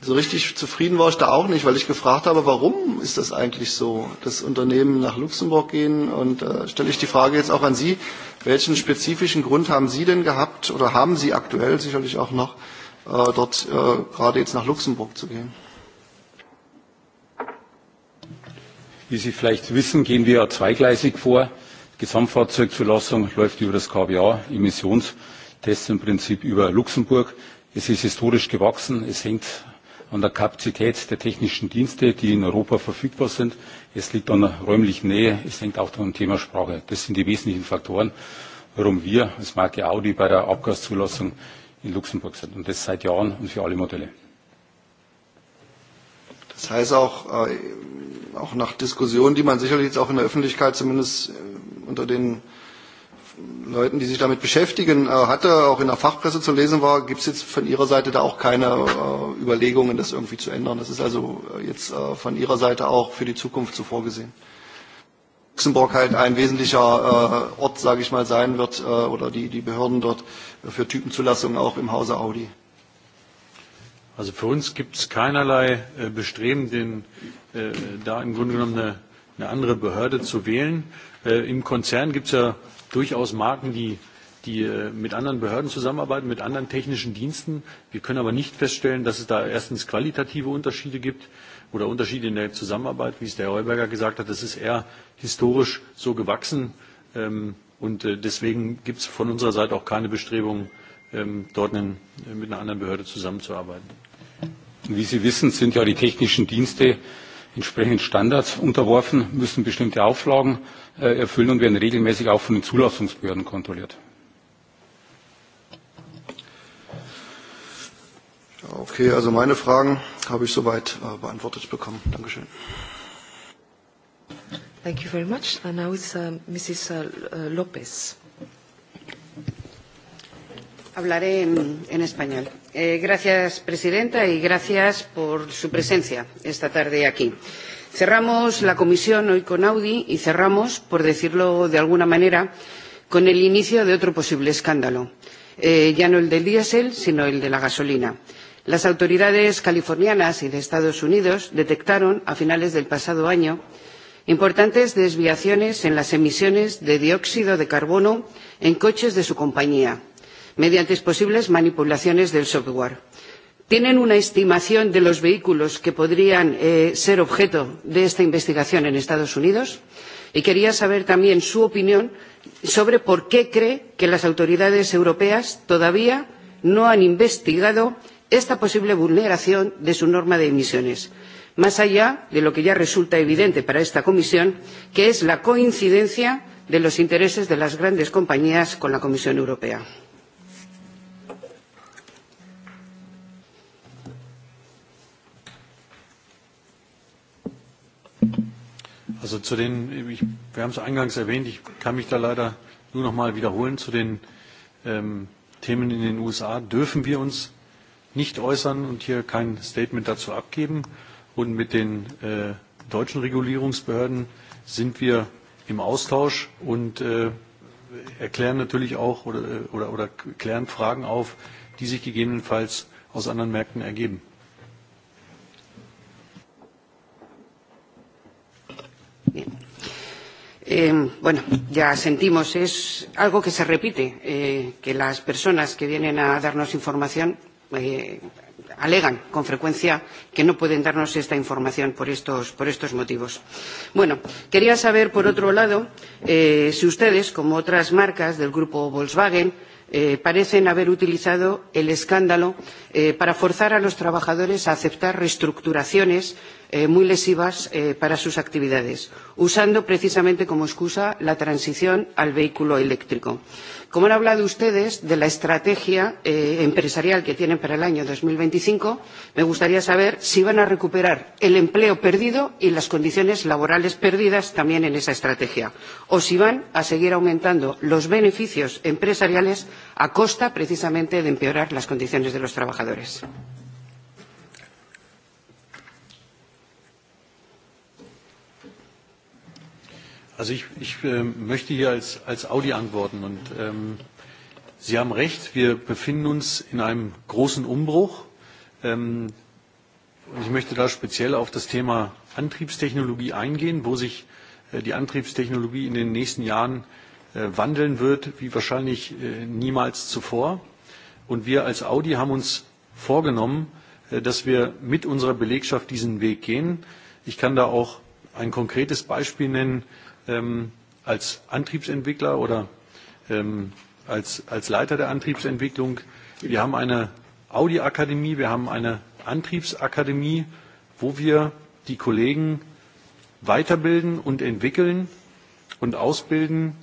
So richtig zufrieden war ich da auch nicht, weil ich gefragt habe, warum ist das eigentlich so, dass Unternehmen nach Luxemburg gehen? Und äh, stelle ich die Frage jetzt auch an Sie, welchen spezifischen Grund haben Sie denn gehabt oder haben Sie aktuell sicherlich auch noch, dort gerade jetzt nach Luxemburg zu gehen? Wie Sie vielleicht wissen, gehen wir zweigleisig vor. Gesamtfahrzeugzulassung läuft über das KBA, emissionstest im Prinzip über Luxemburg. Es ist historisch gewachsen, es hängt an der Kapazität der technischen Dienste, die in Europa verfügbar sind. Es liegt an der räumlichen Nähe. Es hängt auch am Thema Sprache. Das sind die wesentlichen Faktoren, warum wir als Marke Audi bei der Abgaszulassung in Luxemburg sind. Und das seit Jahren und für alle Modelle. Das heißt auch, auch nach Diskussionen, die man sicherlich jetzt auch in der Öffentlichkeit zumindest unter den Leuten, die sich damit beschäftigen, hatte, auch in der Fachpresse zu lesen war, gibt es jetzt von Ihrer Seite da auch keine Überlegungen, das irgendwie zu ändern. Das ist also jetzt von Ihrer Seite auch für die Zukunft so vorgesehen. Luxemburg halt ein wesentlicher Ort, sage ich mal, sein wird oder die, Behörden dort für Typenzulassungen auch im Hause Audi. Also für uns gibt es keinerlei Bestreben, den, da im Grunde genommen eine, eine andere Behörde zu wählen. Im Konzern gibt es ja durchaus Marken, die die mit anderen Behörden zusammenarbeiten, mit anderen technischen Diensten. Wir können aber nicht feststellen, dass es da erstens qualitative Unterschiede gibt oder Unterschiede in der Zusammenarbeit, wie es der Herr Heuberger gesagt hat. Das ist eher historisch so gewachsen. Und deswegen gibt es von unserer Seite auch keine Bestrebungen, dort mit einer anderen Behörde zusammenzuarbeiten. Wie Sie wissen, sind ja die technischen Dienste Entsprechend Standards unterworfen, müssen bestimmte Auflagen erfüllen und werden regelmäßig auch von den Zulassungsbehörden kontrolliert. Okay, also meine Fragen habe ich soweit beantwortet bekommen. Dankeschön. Thank you very much. And now it's Mrs. Lopez. Hablaré en español. Gracias, presidenta, y gracias por su presencia esta tarde aquí. Cerramos la comisión hoy con Audi y cerramos, por decirlo de alguna manera, con el inicio de otro posible escándalo, ya no el del diésel, sino el de la gasolina. Las autoridades californianas y de Estados Unidos detectaron, a finales del pasado año, importantes desviaciones en las emisiones de dióxido de carbono en coches de su compañía mediante posibles manipulaciones del software. tienen una estimación de los vehículos que podrían ser objeto de esta investigación en estados unidos? y quería saber también su opinión sobre por qué cree que las autoridades europeas todavía no han investigado esta posible vulneración de su norma de emisiones más allá de lo que ya resulta evidente para esta comisión que es la coincidencia de los intereses de las grandes compañías con la comisión europea. Also zu den, wir haben es eingangs erwähnt, ich kann mich da leider nur noch mal wiederholen, zu den ähm, Themen in den USA dürfen wir uns nicht äußern und hier kein Statement dazu abgeben. Und mit den äh, deutschen Regulierungsbehörden sind wir im Austausch und äh, erklären natürlich auch oder, oder, oder klären Fragen auf, die sich gegebenenfalls aus anderen Märkten ergeben. Eh, bueno, ya sentimos, es algo que se repite, que las personas que vienen a darnos información eh, alegan con frecuencia que no pueden darnos esta información por estos, por estos motivos. Bueno, quería saber, por otro lado, eh, si ustedes, como otras marcas del grupo Volkswagen, parecen haber utilizado el escándalo para forzar a los trabajadores a aceptar reestructuraciones muy lesivas para sus actividades usando precisamente como excusa la transición al vehículo eléctrico como han hablado ustedes de la estrategia empresarial que tienen para el año 2025 me gustaría saber si van a recuperar el empleo perdido y las condiciones laborales perdidas también en esa estrategia o si van a seguir aumentando los beneficios empresariales a costa precisamente de empeorar las condiciones de los trabajadores. Also ich, ich möchte hier als, als Audi antworten. Und ähm, Sie haben recht, wir befinden uns in einem großen Umbruch. Ähm, und ich möchte da speziell auf das Thema Antriebstechnologie eingehen, wo sich die Antriebstechnologie in den nächsten Jahren wandeln wird, wie wahrscheinlich niemals zuvor. Und wir als Audi haben uns vorgenommen, dass wir mit unserer Belegschaft diesen Weg gehen. Ich kann da auch ein konkretes Beispiel nennen als Antriebsentwickler oder als Leiter der Antriebsentwicklung. Wir haben eine Audi-Akademie, wir haben eine Antriebsakademie, wo wir die Kollegen weiterbilden und entwickeln und ausbilden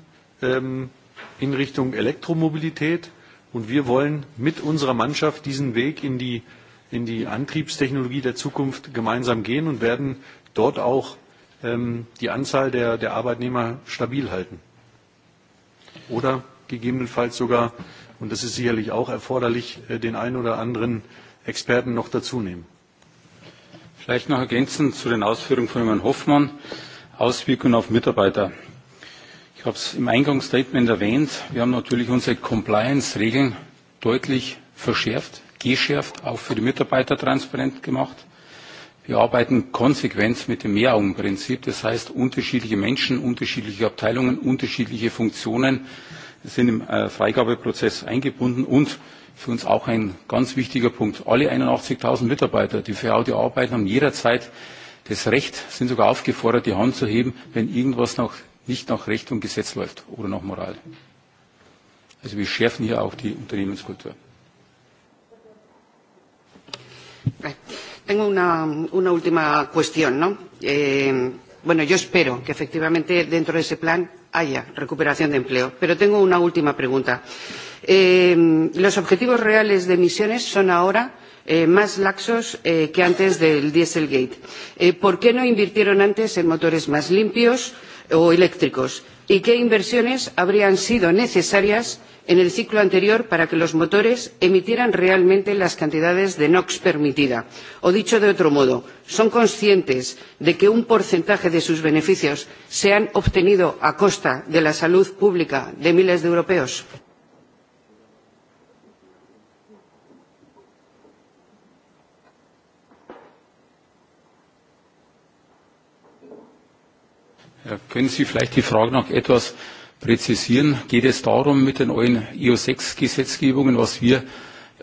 in Richtung Elektromobilität. Und wir wollen mit unserer Mannschaft diesen Weg in die Antriebstechnologie der Zukunft gemeinsam gehen und werden dort auch die Anzahl der Arbeitnehmer stabil halten. Oder gegebenenfalls sogar, und das ist sicherlich auch erforderlich, den einen oder anderen Experten noch dazunehmen. Vielleicht noch ergänzend zu den Ausführungen von Herrn Hoffmann, Auswirkungen auf Mitarbeiter. Ich habe es im Eingangsstatement erwähnt, wir haben natürlich unsere Compliance-Regeln deutlich verschärft, geschärft, auch für die Mitarbeiter transparent gemacht. Wir arbeiten konsequent mit dem Mehraugenprinzip, das heißt unterschiedliche Menschen, unterschiedliche Abteilungen, unterschiedliche Funktionen sind im Freigabeprozess eingebunden und für uns auch ein ganz wichtiger Punkt. Alle 81.000 Mitarbeiter, die für Audi arbeiten, haben jederzeit das Recht, sind sogar aufgefordert, die Hand zu heben, wenn irgendwas noch nicht nach Recht und Gesetz läuft oder nach Moral. Also wir schärfen hier auch die Unternehmenskultur. Tengo una, una última cuestión, ¿no? Eh, bueno, yo espero que efectivamente dentro de ese plan haya recuperación de empleo. Pero tengo una última pregunta. Eh, los objetivos reales de emisiones son ahora más laxos que antes del dieselgate. por qué no invirtieron antes en motores más limpios o eléctricos y qué inversiones habrían sido necesarias en el ciclo anterior para que los motores emitieran realmente las cantidades de nox permitida o dicho de otro modo son conscientes de que un porcentaje de sus beneficios se han obtenido a costa de la salud pública de miles de europeos? präzisieren, geht es darum, mit den neuen IO6-Gesetzgebungen, was wir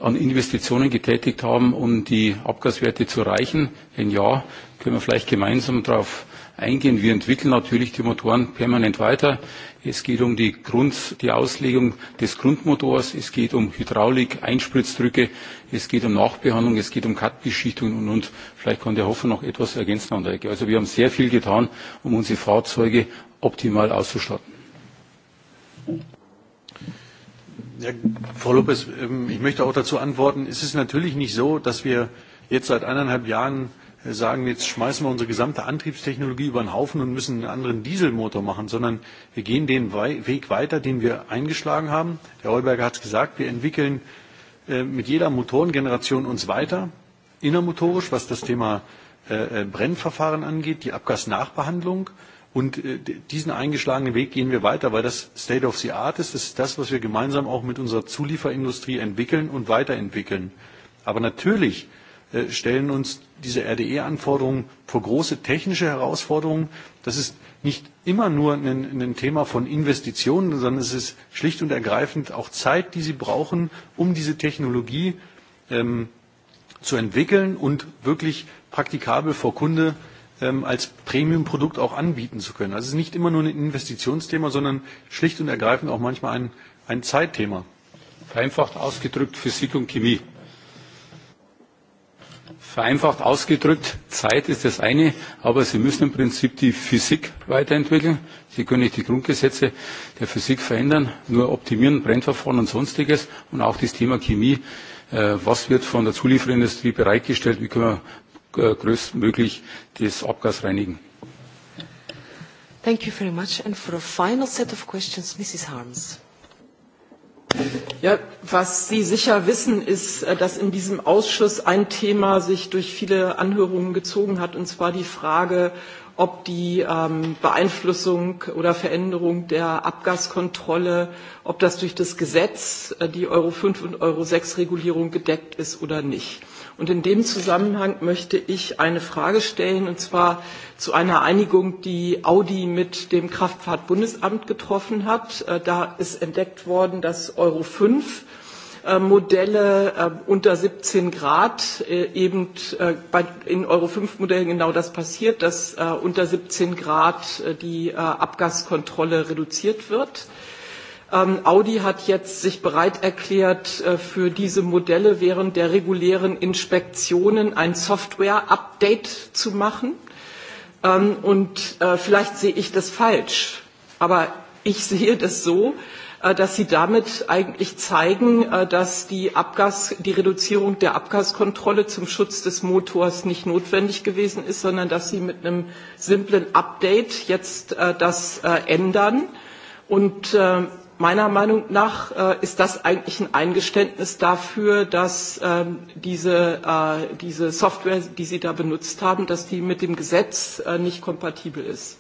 an Investitionen getätigt haben, um die Abgaswerte zu erreichen. Wenn ja, können wir vielleicht gemeinsam darauf eingehen. Wir entwickeln natürlich die Motoren permanent weiter. Es geht um die Auslegung des Grundmotors, es geht um Hydraulik, Einspritzdrücke, es geht um Nachbehandlung, es geht um cut beschichtung und, und. Vielleicht kann der Hoffer noch etwas ergänzen an der Ecke. Also wir haben sehr viel getan, um unsere Fahrzeuge optimal auszustatten. Frau Lopez, ich möchte auch dazu antworten, es ist natürlich nicht so, dass wir jetzt seit eineinhalb Jahren sagen, jetzt schmeißen wir unsere gesamte Antriebstechnologie über den Haufen und müssen einen anderen Dieselmotor machen, sondern wir gehen den Weg weiter, den wir eingeschlagen haben. Herr Heuberger hat es gesagt, wir entwickeln mit jeder Motorengeneration uns weiter, innermotorisch, was das Thema Brennverfahren angeht, die Abgasnachbehandlung. Und diesen eingeschlagenen Weg gehen wir weiter, weil das State of the Art ist. Das ist das, was wir gemeinsam auch mit unserer Zulieferindustrie entwickeln und weiterentwickeln. Aber natürlich stellen uns diese RDE-Anforderungen vor große technische Herausforderungen. Das ist nicht immer nur ein Thema von Investitionen, sondern es ist schlicht und ergreifend auch Zeit, die Sie brauchen, um diese Technologie zu entwickeln und wirklich praktikabel vor Kunde als Premium-Produkt auch anbieten zu können. Also es ist nicht immer nur ein Investitionsthema, sondern schlicht und ergreifend auch manchmal ein, ein Zeitthema. Vereinfacht ausgedrückt Physik und Chemie. Vereinfacht ausgedrückt, Zeit ist das eine, aber Sie müssen im Prinzip die Physik weiterentwickeln. Sie können nicht die Grundgesetze der Physik verändern, nur optimieren, Brennverfahren und sonstiges und auch das Thema Chemie. Was wird von der Zulieferindustrie bereitgestellt? Wie können wir größtmöglich das Abgas reinigen. Thank you very much. And for a final set of questions, Mrs. Harms. Ja, was Sie sicher wissen, ist, dass in diesem Ausschuss ein Thema sich durch viele Anhörungen gezogen hat, und zwar die Frage, ob die Beeinflussung oder Veränderung der Abgaskontrolle, ob das durch das Gesetz, die Euro 5 und Euro 6 Regulierung gedeckt ist oder nicht. Und in dem Zusammenhang möchte ich eine Frage stellen, und zwar zu einer Einigung, die Audi mit dem Kraftfahrtbundesamt getroffen hat. Da ist entdeckt worden, dass Euro 5 Modelle unter 17 Grad eben in Euro 5 Modellen genau das passiert, dass unter 17 Grad die Abgaskontrolle reduziert wird. Audi hat jetzt sich bereit erklärt, für diese Modelle während der regulären Inspektionen ein Software-Update zu machen. Und vielleicht sehe ich das falsch, aber ich sehe das so, dass Sie damit eigentlich zeigen, dass die Reduzierung der Abgaskontrolle zum Schutz des Motors nicht notwendig gewesen ist, sondern dass Sie mit einem simplen Update jetzt das ändern. Und meiner Meinung nach ist das eigentlich ein Eingeständnis dafür, dass diese Software, die Sie da benutzt haben, dass die mit dem Gesetz nicht kompatibel ist.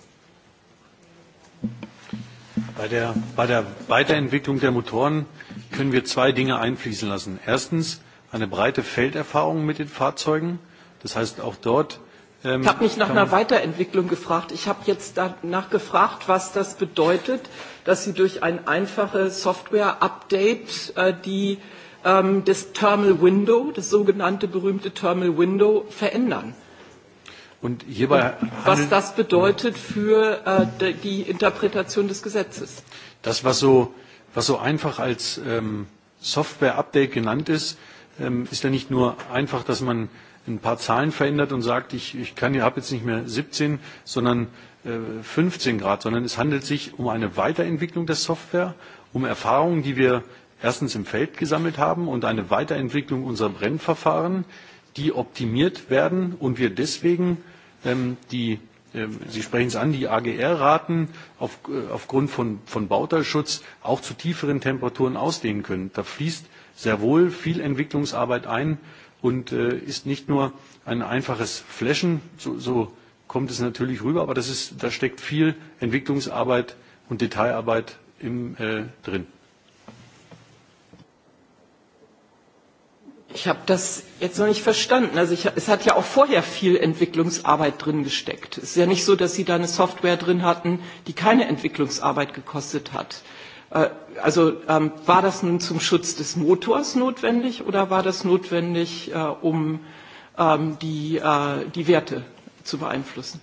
Bei der, bei der Weiterentwicklung der Motoren können wir zwei Dinge einfließen lassen. Erstens eine breite Felderfahrung mit den Fahrzeugen. Das heißt, auch dort. Ich habe mich nach einer Weiterentwicklung gefragt. Ich habe jetzt danach gefragt, was das bedeutet, dass Sie durch ein einfaches Software-Update die das Terminal Window, das sogenannte berühmte Terminal Window, verändern. Und hierbei was das bedeutet für die Interpretation des Gesetzes. Das, was so, was so einfach als Software-Update genannt ist, ist ja nicht nur einfach, dass man ein paar Zahlen verändert und sagt, ich, ich kann, ich habe jetzt nicht mehr 17, sondern 15 Grad, sondern es handelt sich um eine Weiterentwicklung der Software, um Erfahrungen, die wir erstens im Feld gesammelt haben und eine Weiterentwicklung unserer Brennverfahren, die optimiert werden und wir deswegen die Sie sprechen es an, die AGR-Raten aufgrund von Bauteilschutz auch zu tieferen Temperaturen ausdehnen können. Da fließt sehr wohl viel Entwicklungsarbeit ein und ist nicht nur ein einfaches Flächen, so kommt es natürlich rüber, aber da steckt viel Entwicklungsarbeit und Detailarbeit drin. Ich habe das jetzt noch nicht verstanden. Also es hat ja auch vorher viel Entwicklungsarbeit drin gesteckt. Es ist ja nicht so, dass Sie da eine Software drin hatten, die keine Entwicklungsarbeit gekostet hat. Also war das nun zum Schutz des Motors notwendig oder war das notwendig, um die Werte zu beeinflussen?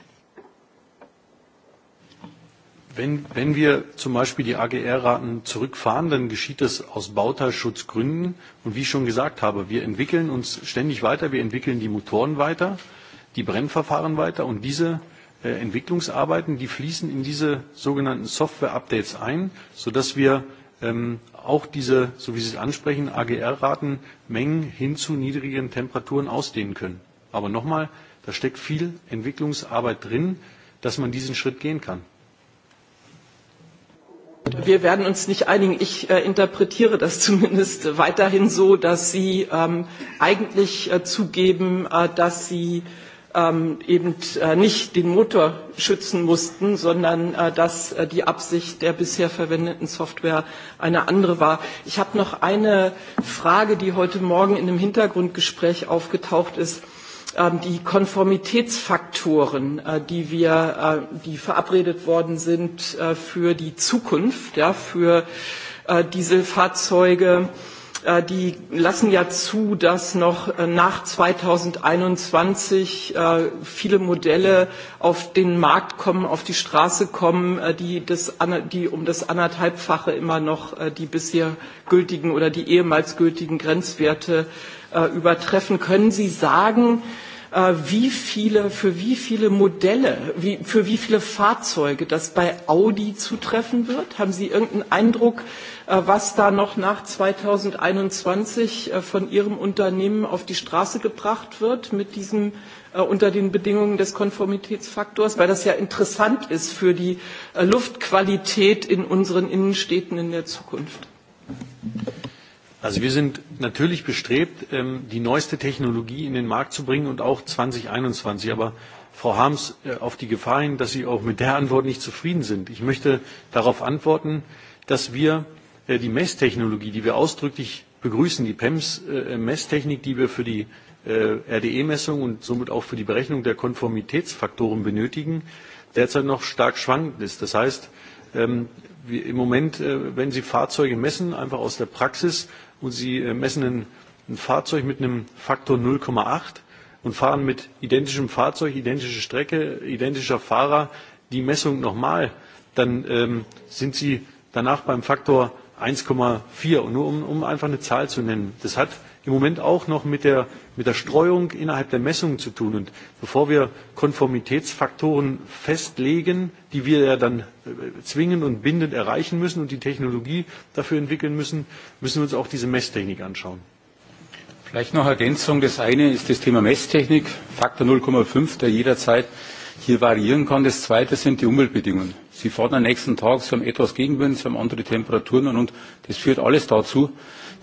Wenn wir zum Beispiel die AGR-Raten zurückfahren, dann geschieht das aus Bauteilschutzgründen. Und wie ich schon gesagt habe, wir entwickeln uns ständig weiter, wir entwickeln die Motoren weiter, die Brennverfahren weiter. Und diese Entwicklungsarbeiten, die fließen in diese sogenannten Software-Updates ein, sodass wir auch diese, so wie Sie es ansprechen, agr ratenmengen hin zu niedrigen Temperaturen ausdehnen können. Aber nochmal, da steckt viel Entwicklungsarbeit drin, dass man diesen Schritt gehen kann. Wir werden uns nicht einigen. Ich interpretiere das zumindest weiterhin so, dass Sie eigentlich zugeben, dass Sie eben nicht den Motor schützen mussten, sondern dass die Absicht der bisher verwendeten Software eine andere war. Ich habe noch eine Frage, die heute Morgen in einem Hintergrundgespräch aufgetaucht ist die Konformitätsfaktoren, die verabredet worden sind für die Zukunft, für Dieselfahrzeuge, die lassen ja zu, dass noch nach 2021 viele Modelle auf den Markt kommen, auf die Straße kommen, die um das anderthalbfache immer noch die bisher gültigen oder die ehemals gültigen Grenzwerte übertreffen. Können Sie sagen, wie viele, für wie viele Modelle, für wie viele Fahrzeuge das bei Audi zutreffen wird? Haben Sie irgendeinen Eindruck, was da noch nach 2021 von Ihrem Unternehmen auf die Straße gebracht wird mit diesem unter den Bedingungen des Konformitätsfaktors, weil das ja interessant ist für die Luftqualität in unseren Innenstädten in der Zukunft. Also wir sind natürlich bestrebt, die neueste Technologie in den Markt zu bringen und auch 2021. Aber Frau Harms, auf die Gefahr hin, dass Sie auch mit der Antwort nicht zufrieden sind. Ich möchte darauf antworten, dass wir die Messtechnologie, die wir ausdrücklich begrüßen, die PEMS-Messtechnik, die wir für die RDE-Messung und somit auch für die Berechnung der Konformitätsfaktoren benötigen, derzeit noch stark schwankend ist. Das heißt, im Moment, wenn Sie Fahrzeuge messen, einfach aus der Praxis, und Sie messen ein Fahrzeug mit einem Faktor 0,8 und fahren mit identischem Fahrzeug, identische Strecke, identischer Fahrer die Messung nochmal, dann sind Sie danach beim Faktor 1,4, nur um einfach eine Zahl zu nennen. Das hat im Moment auch noch mit der Streuung innerhalb der Messungen zu tun. Und bevor wir Konformitätsfaktoren festlegen, die wir ja dann zwingend und bindend erreichen müssen und die Technologie dafür entwickeln müssen, müssen wir uns auch diese Messtechnik anschauen. Vielleicht noch Ergänzung. Das eine ist das Thema Messtechnik, Faktor 0,5, der jederzeit hier variieren kann. Das zweite sind die Umweltbedingungen. Sie fordern am nächsten Tag, Sie haben etwas Gegenwind, Sie haben andere Temperaturen und das führt alles dazu,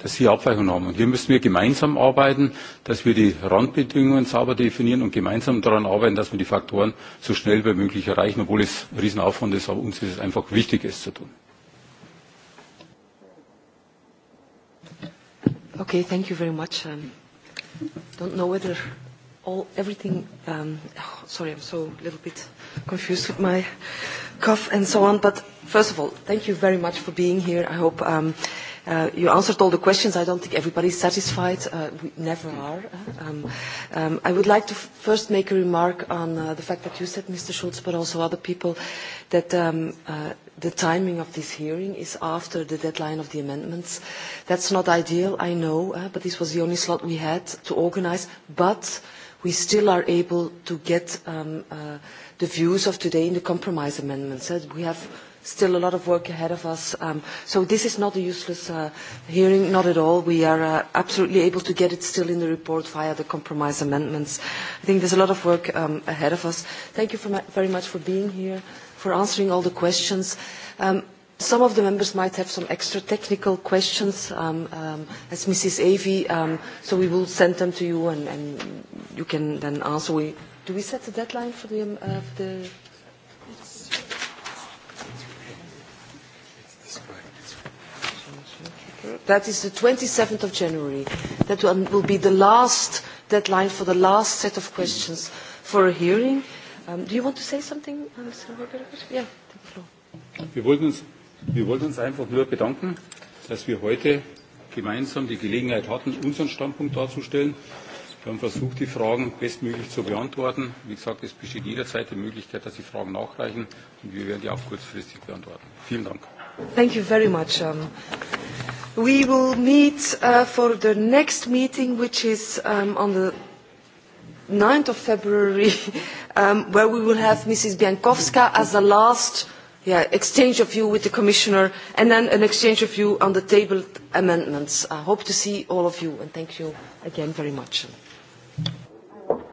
dass hier Abweichungen haben. Und hier müssen wir gemeinsam arbeiten, dass wir die Randbedingungen sauber definieren und gemeinsam daran arbeiten, dass wir die Faktoren so schnell wie möglich erreichen, obwohl es ein Riesenaufwand ist, aber uns ist es einfach wichtig, es zu tun. Okay, thank you very much. Um, don't know whether all everything. Um, sorry, I'm so a little bit confused with my cough and so on. But first of all, thank you very much for being here. I hope um, You answered all the questions. I don't think everybody is satisfied. We never are. I would like to first make a remark on the fact that you said, Mr. Schulz, but also other people, that the timing of this hearing is after the deadline of the amendments. That's not ideal, I know, but this was the only slot we had to organize. But we still are able to get the views of today in the compromise amendments. We have still a lot of work ahead of us. So this is not a useless hearing, not at all. We are absolutely able to get it still in the report via the compromise amendments. I think there's a lot of work ahead of us. Thank you very much for being here, for answering all the questions. Some of the members might have some extra technical questions, as Mrs. Avey, so we will send them to you and you can then answer. We Do we set the deadline for the that is the 27th of January. That will be the last deadline for the last set of questions for a hearing. Do you want to say something, Mr. Yeah, the Wir wollten uns einfach nur bedanken, dass wir heute gemeinsam die Gelegenheit hatten, unseren Standpunkt darzustellen. Wir haben versucht, die Fragen bestmöglich zu beantworten. Wie gesagt, es besteht jederzeit die Möglichkeit, dass Sie Fragen nachreichen, und wir werden die auch kurzfristig beantworten. Vielen Dank. Thank you very much. We will meet for the next meeting, which is on the 9th of February, where we will have Mrs. Biankowska as the last exchange of view with the Commissioner, and then an exchange of view on the tabled amendments. I hope to see all of you, and thank you again very much.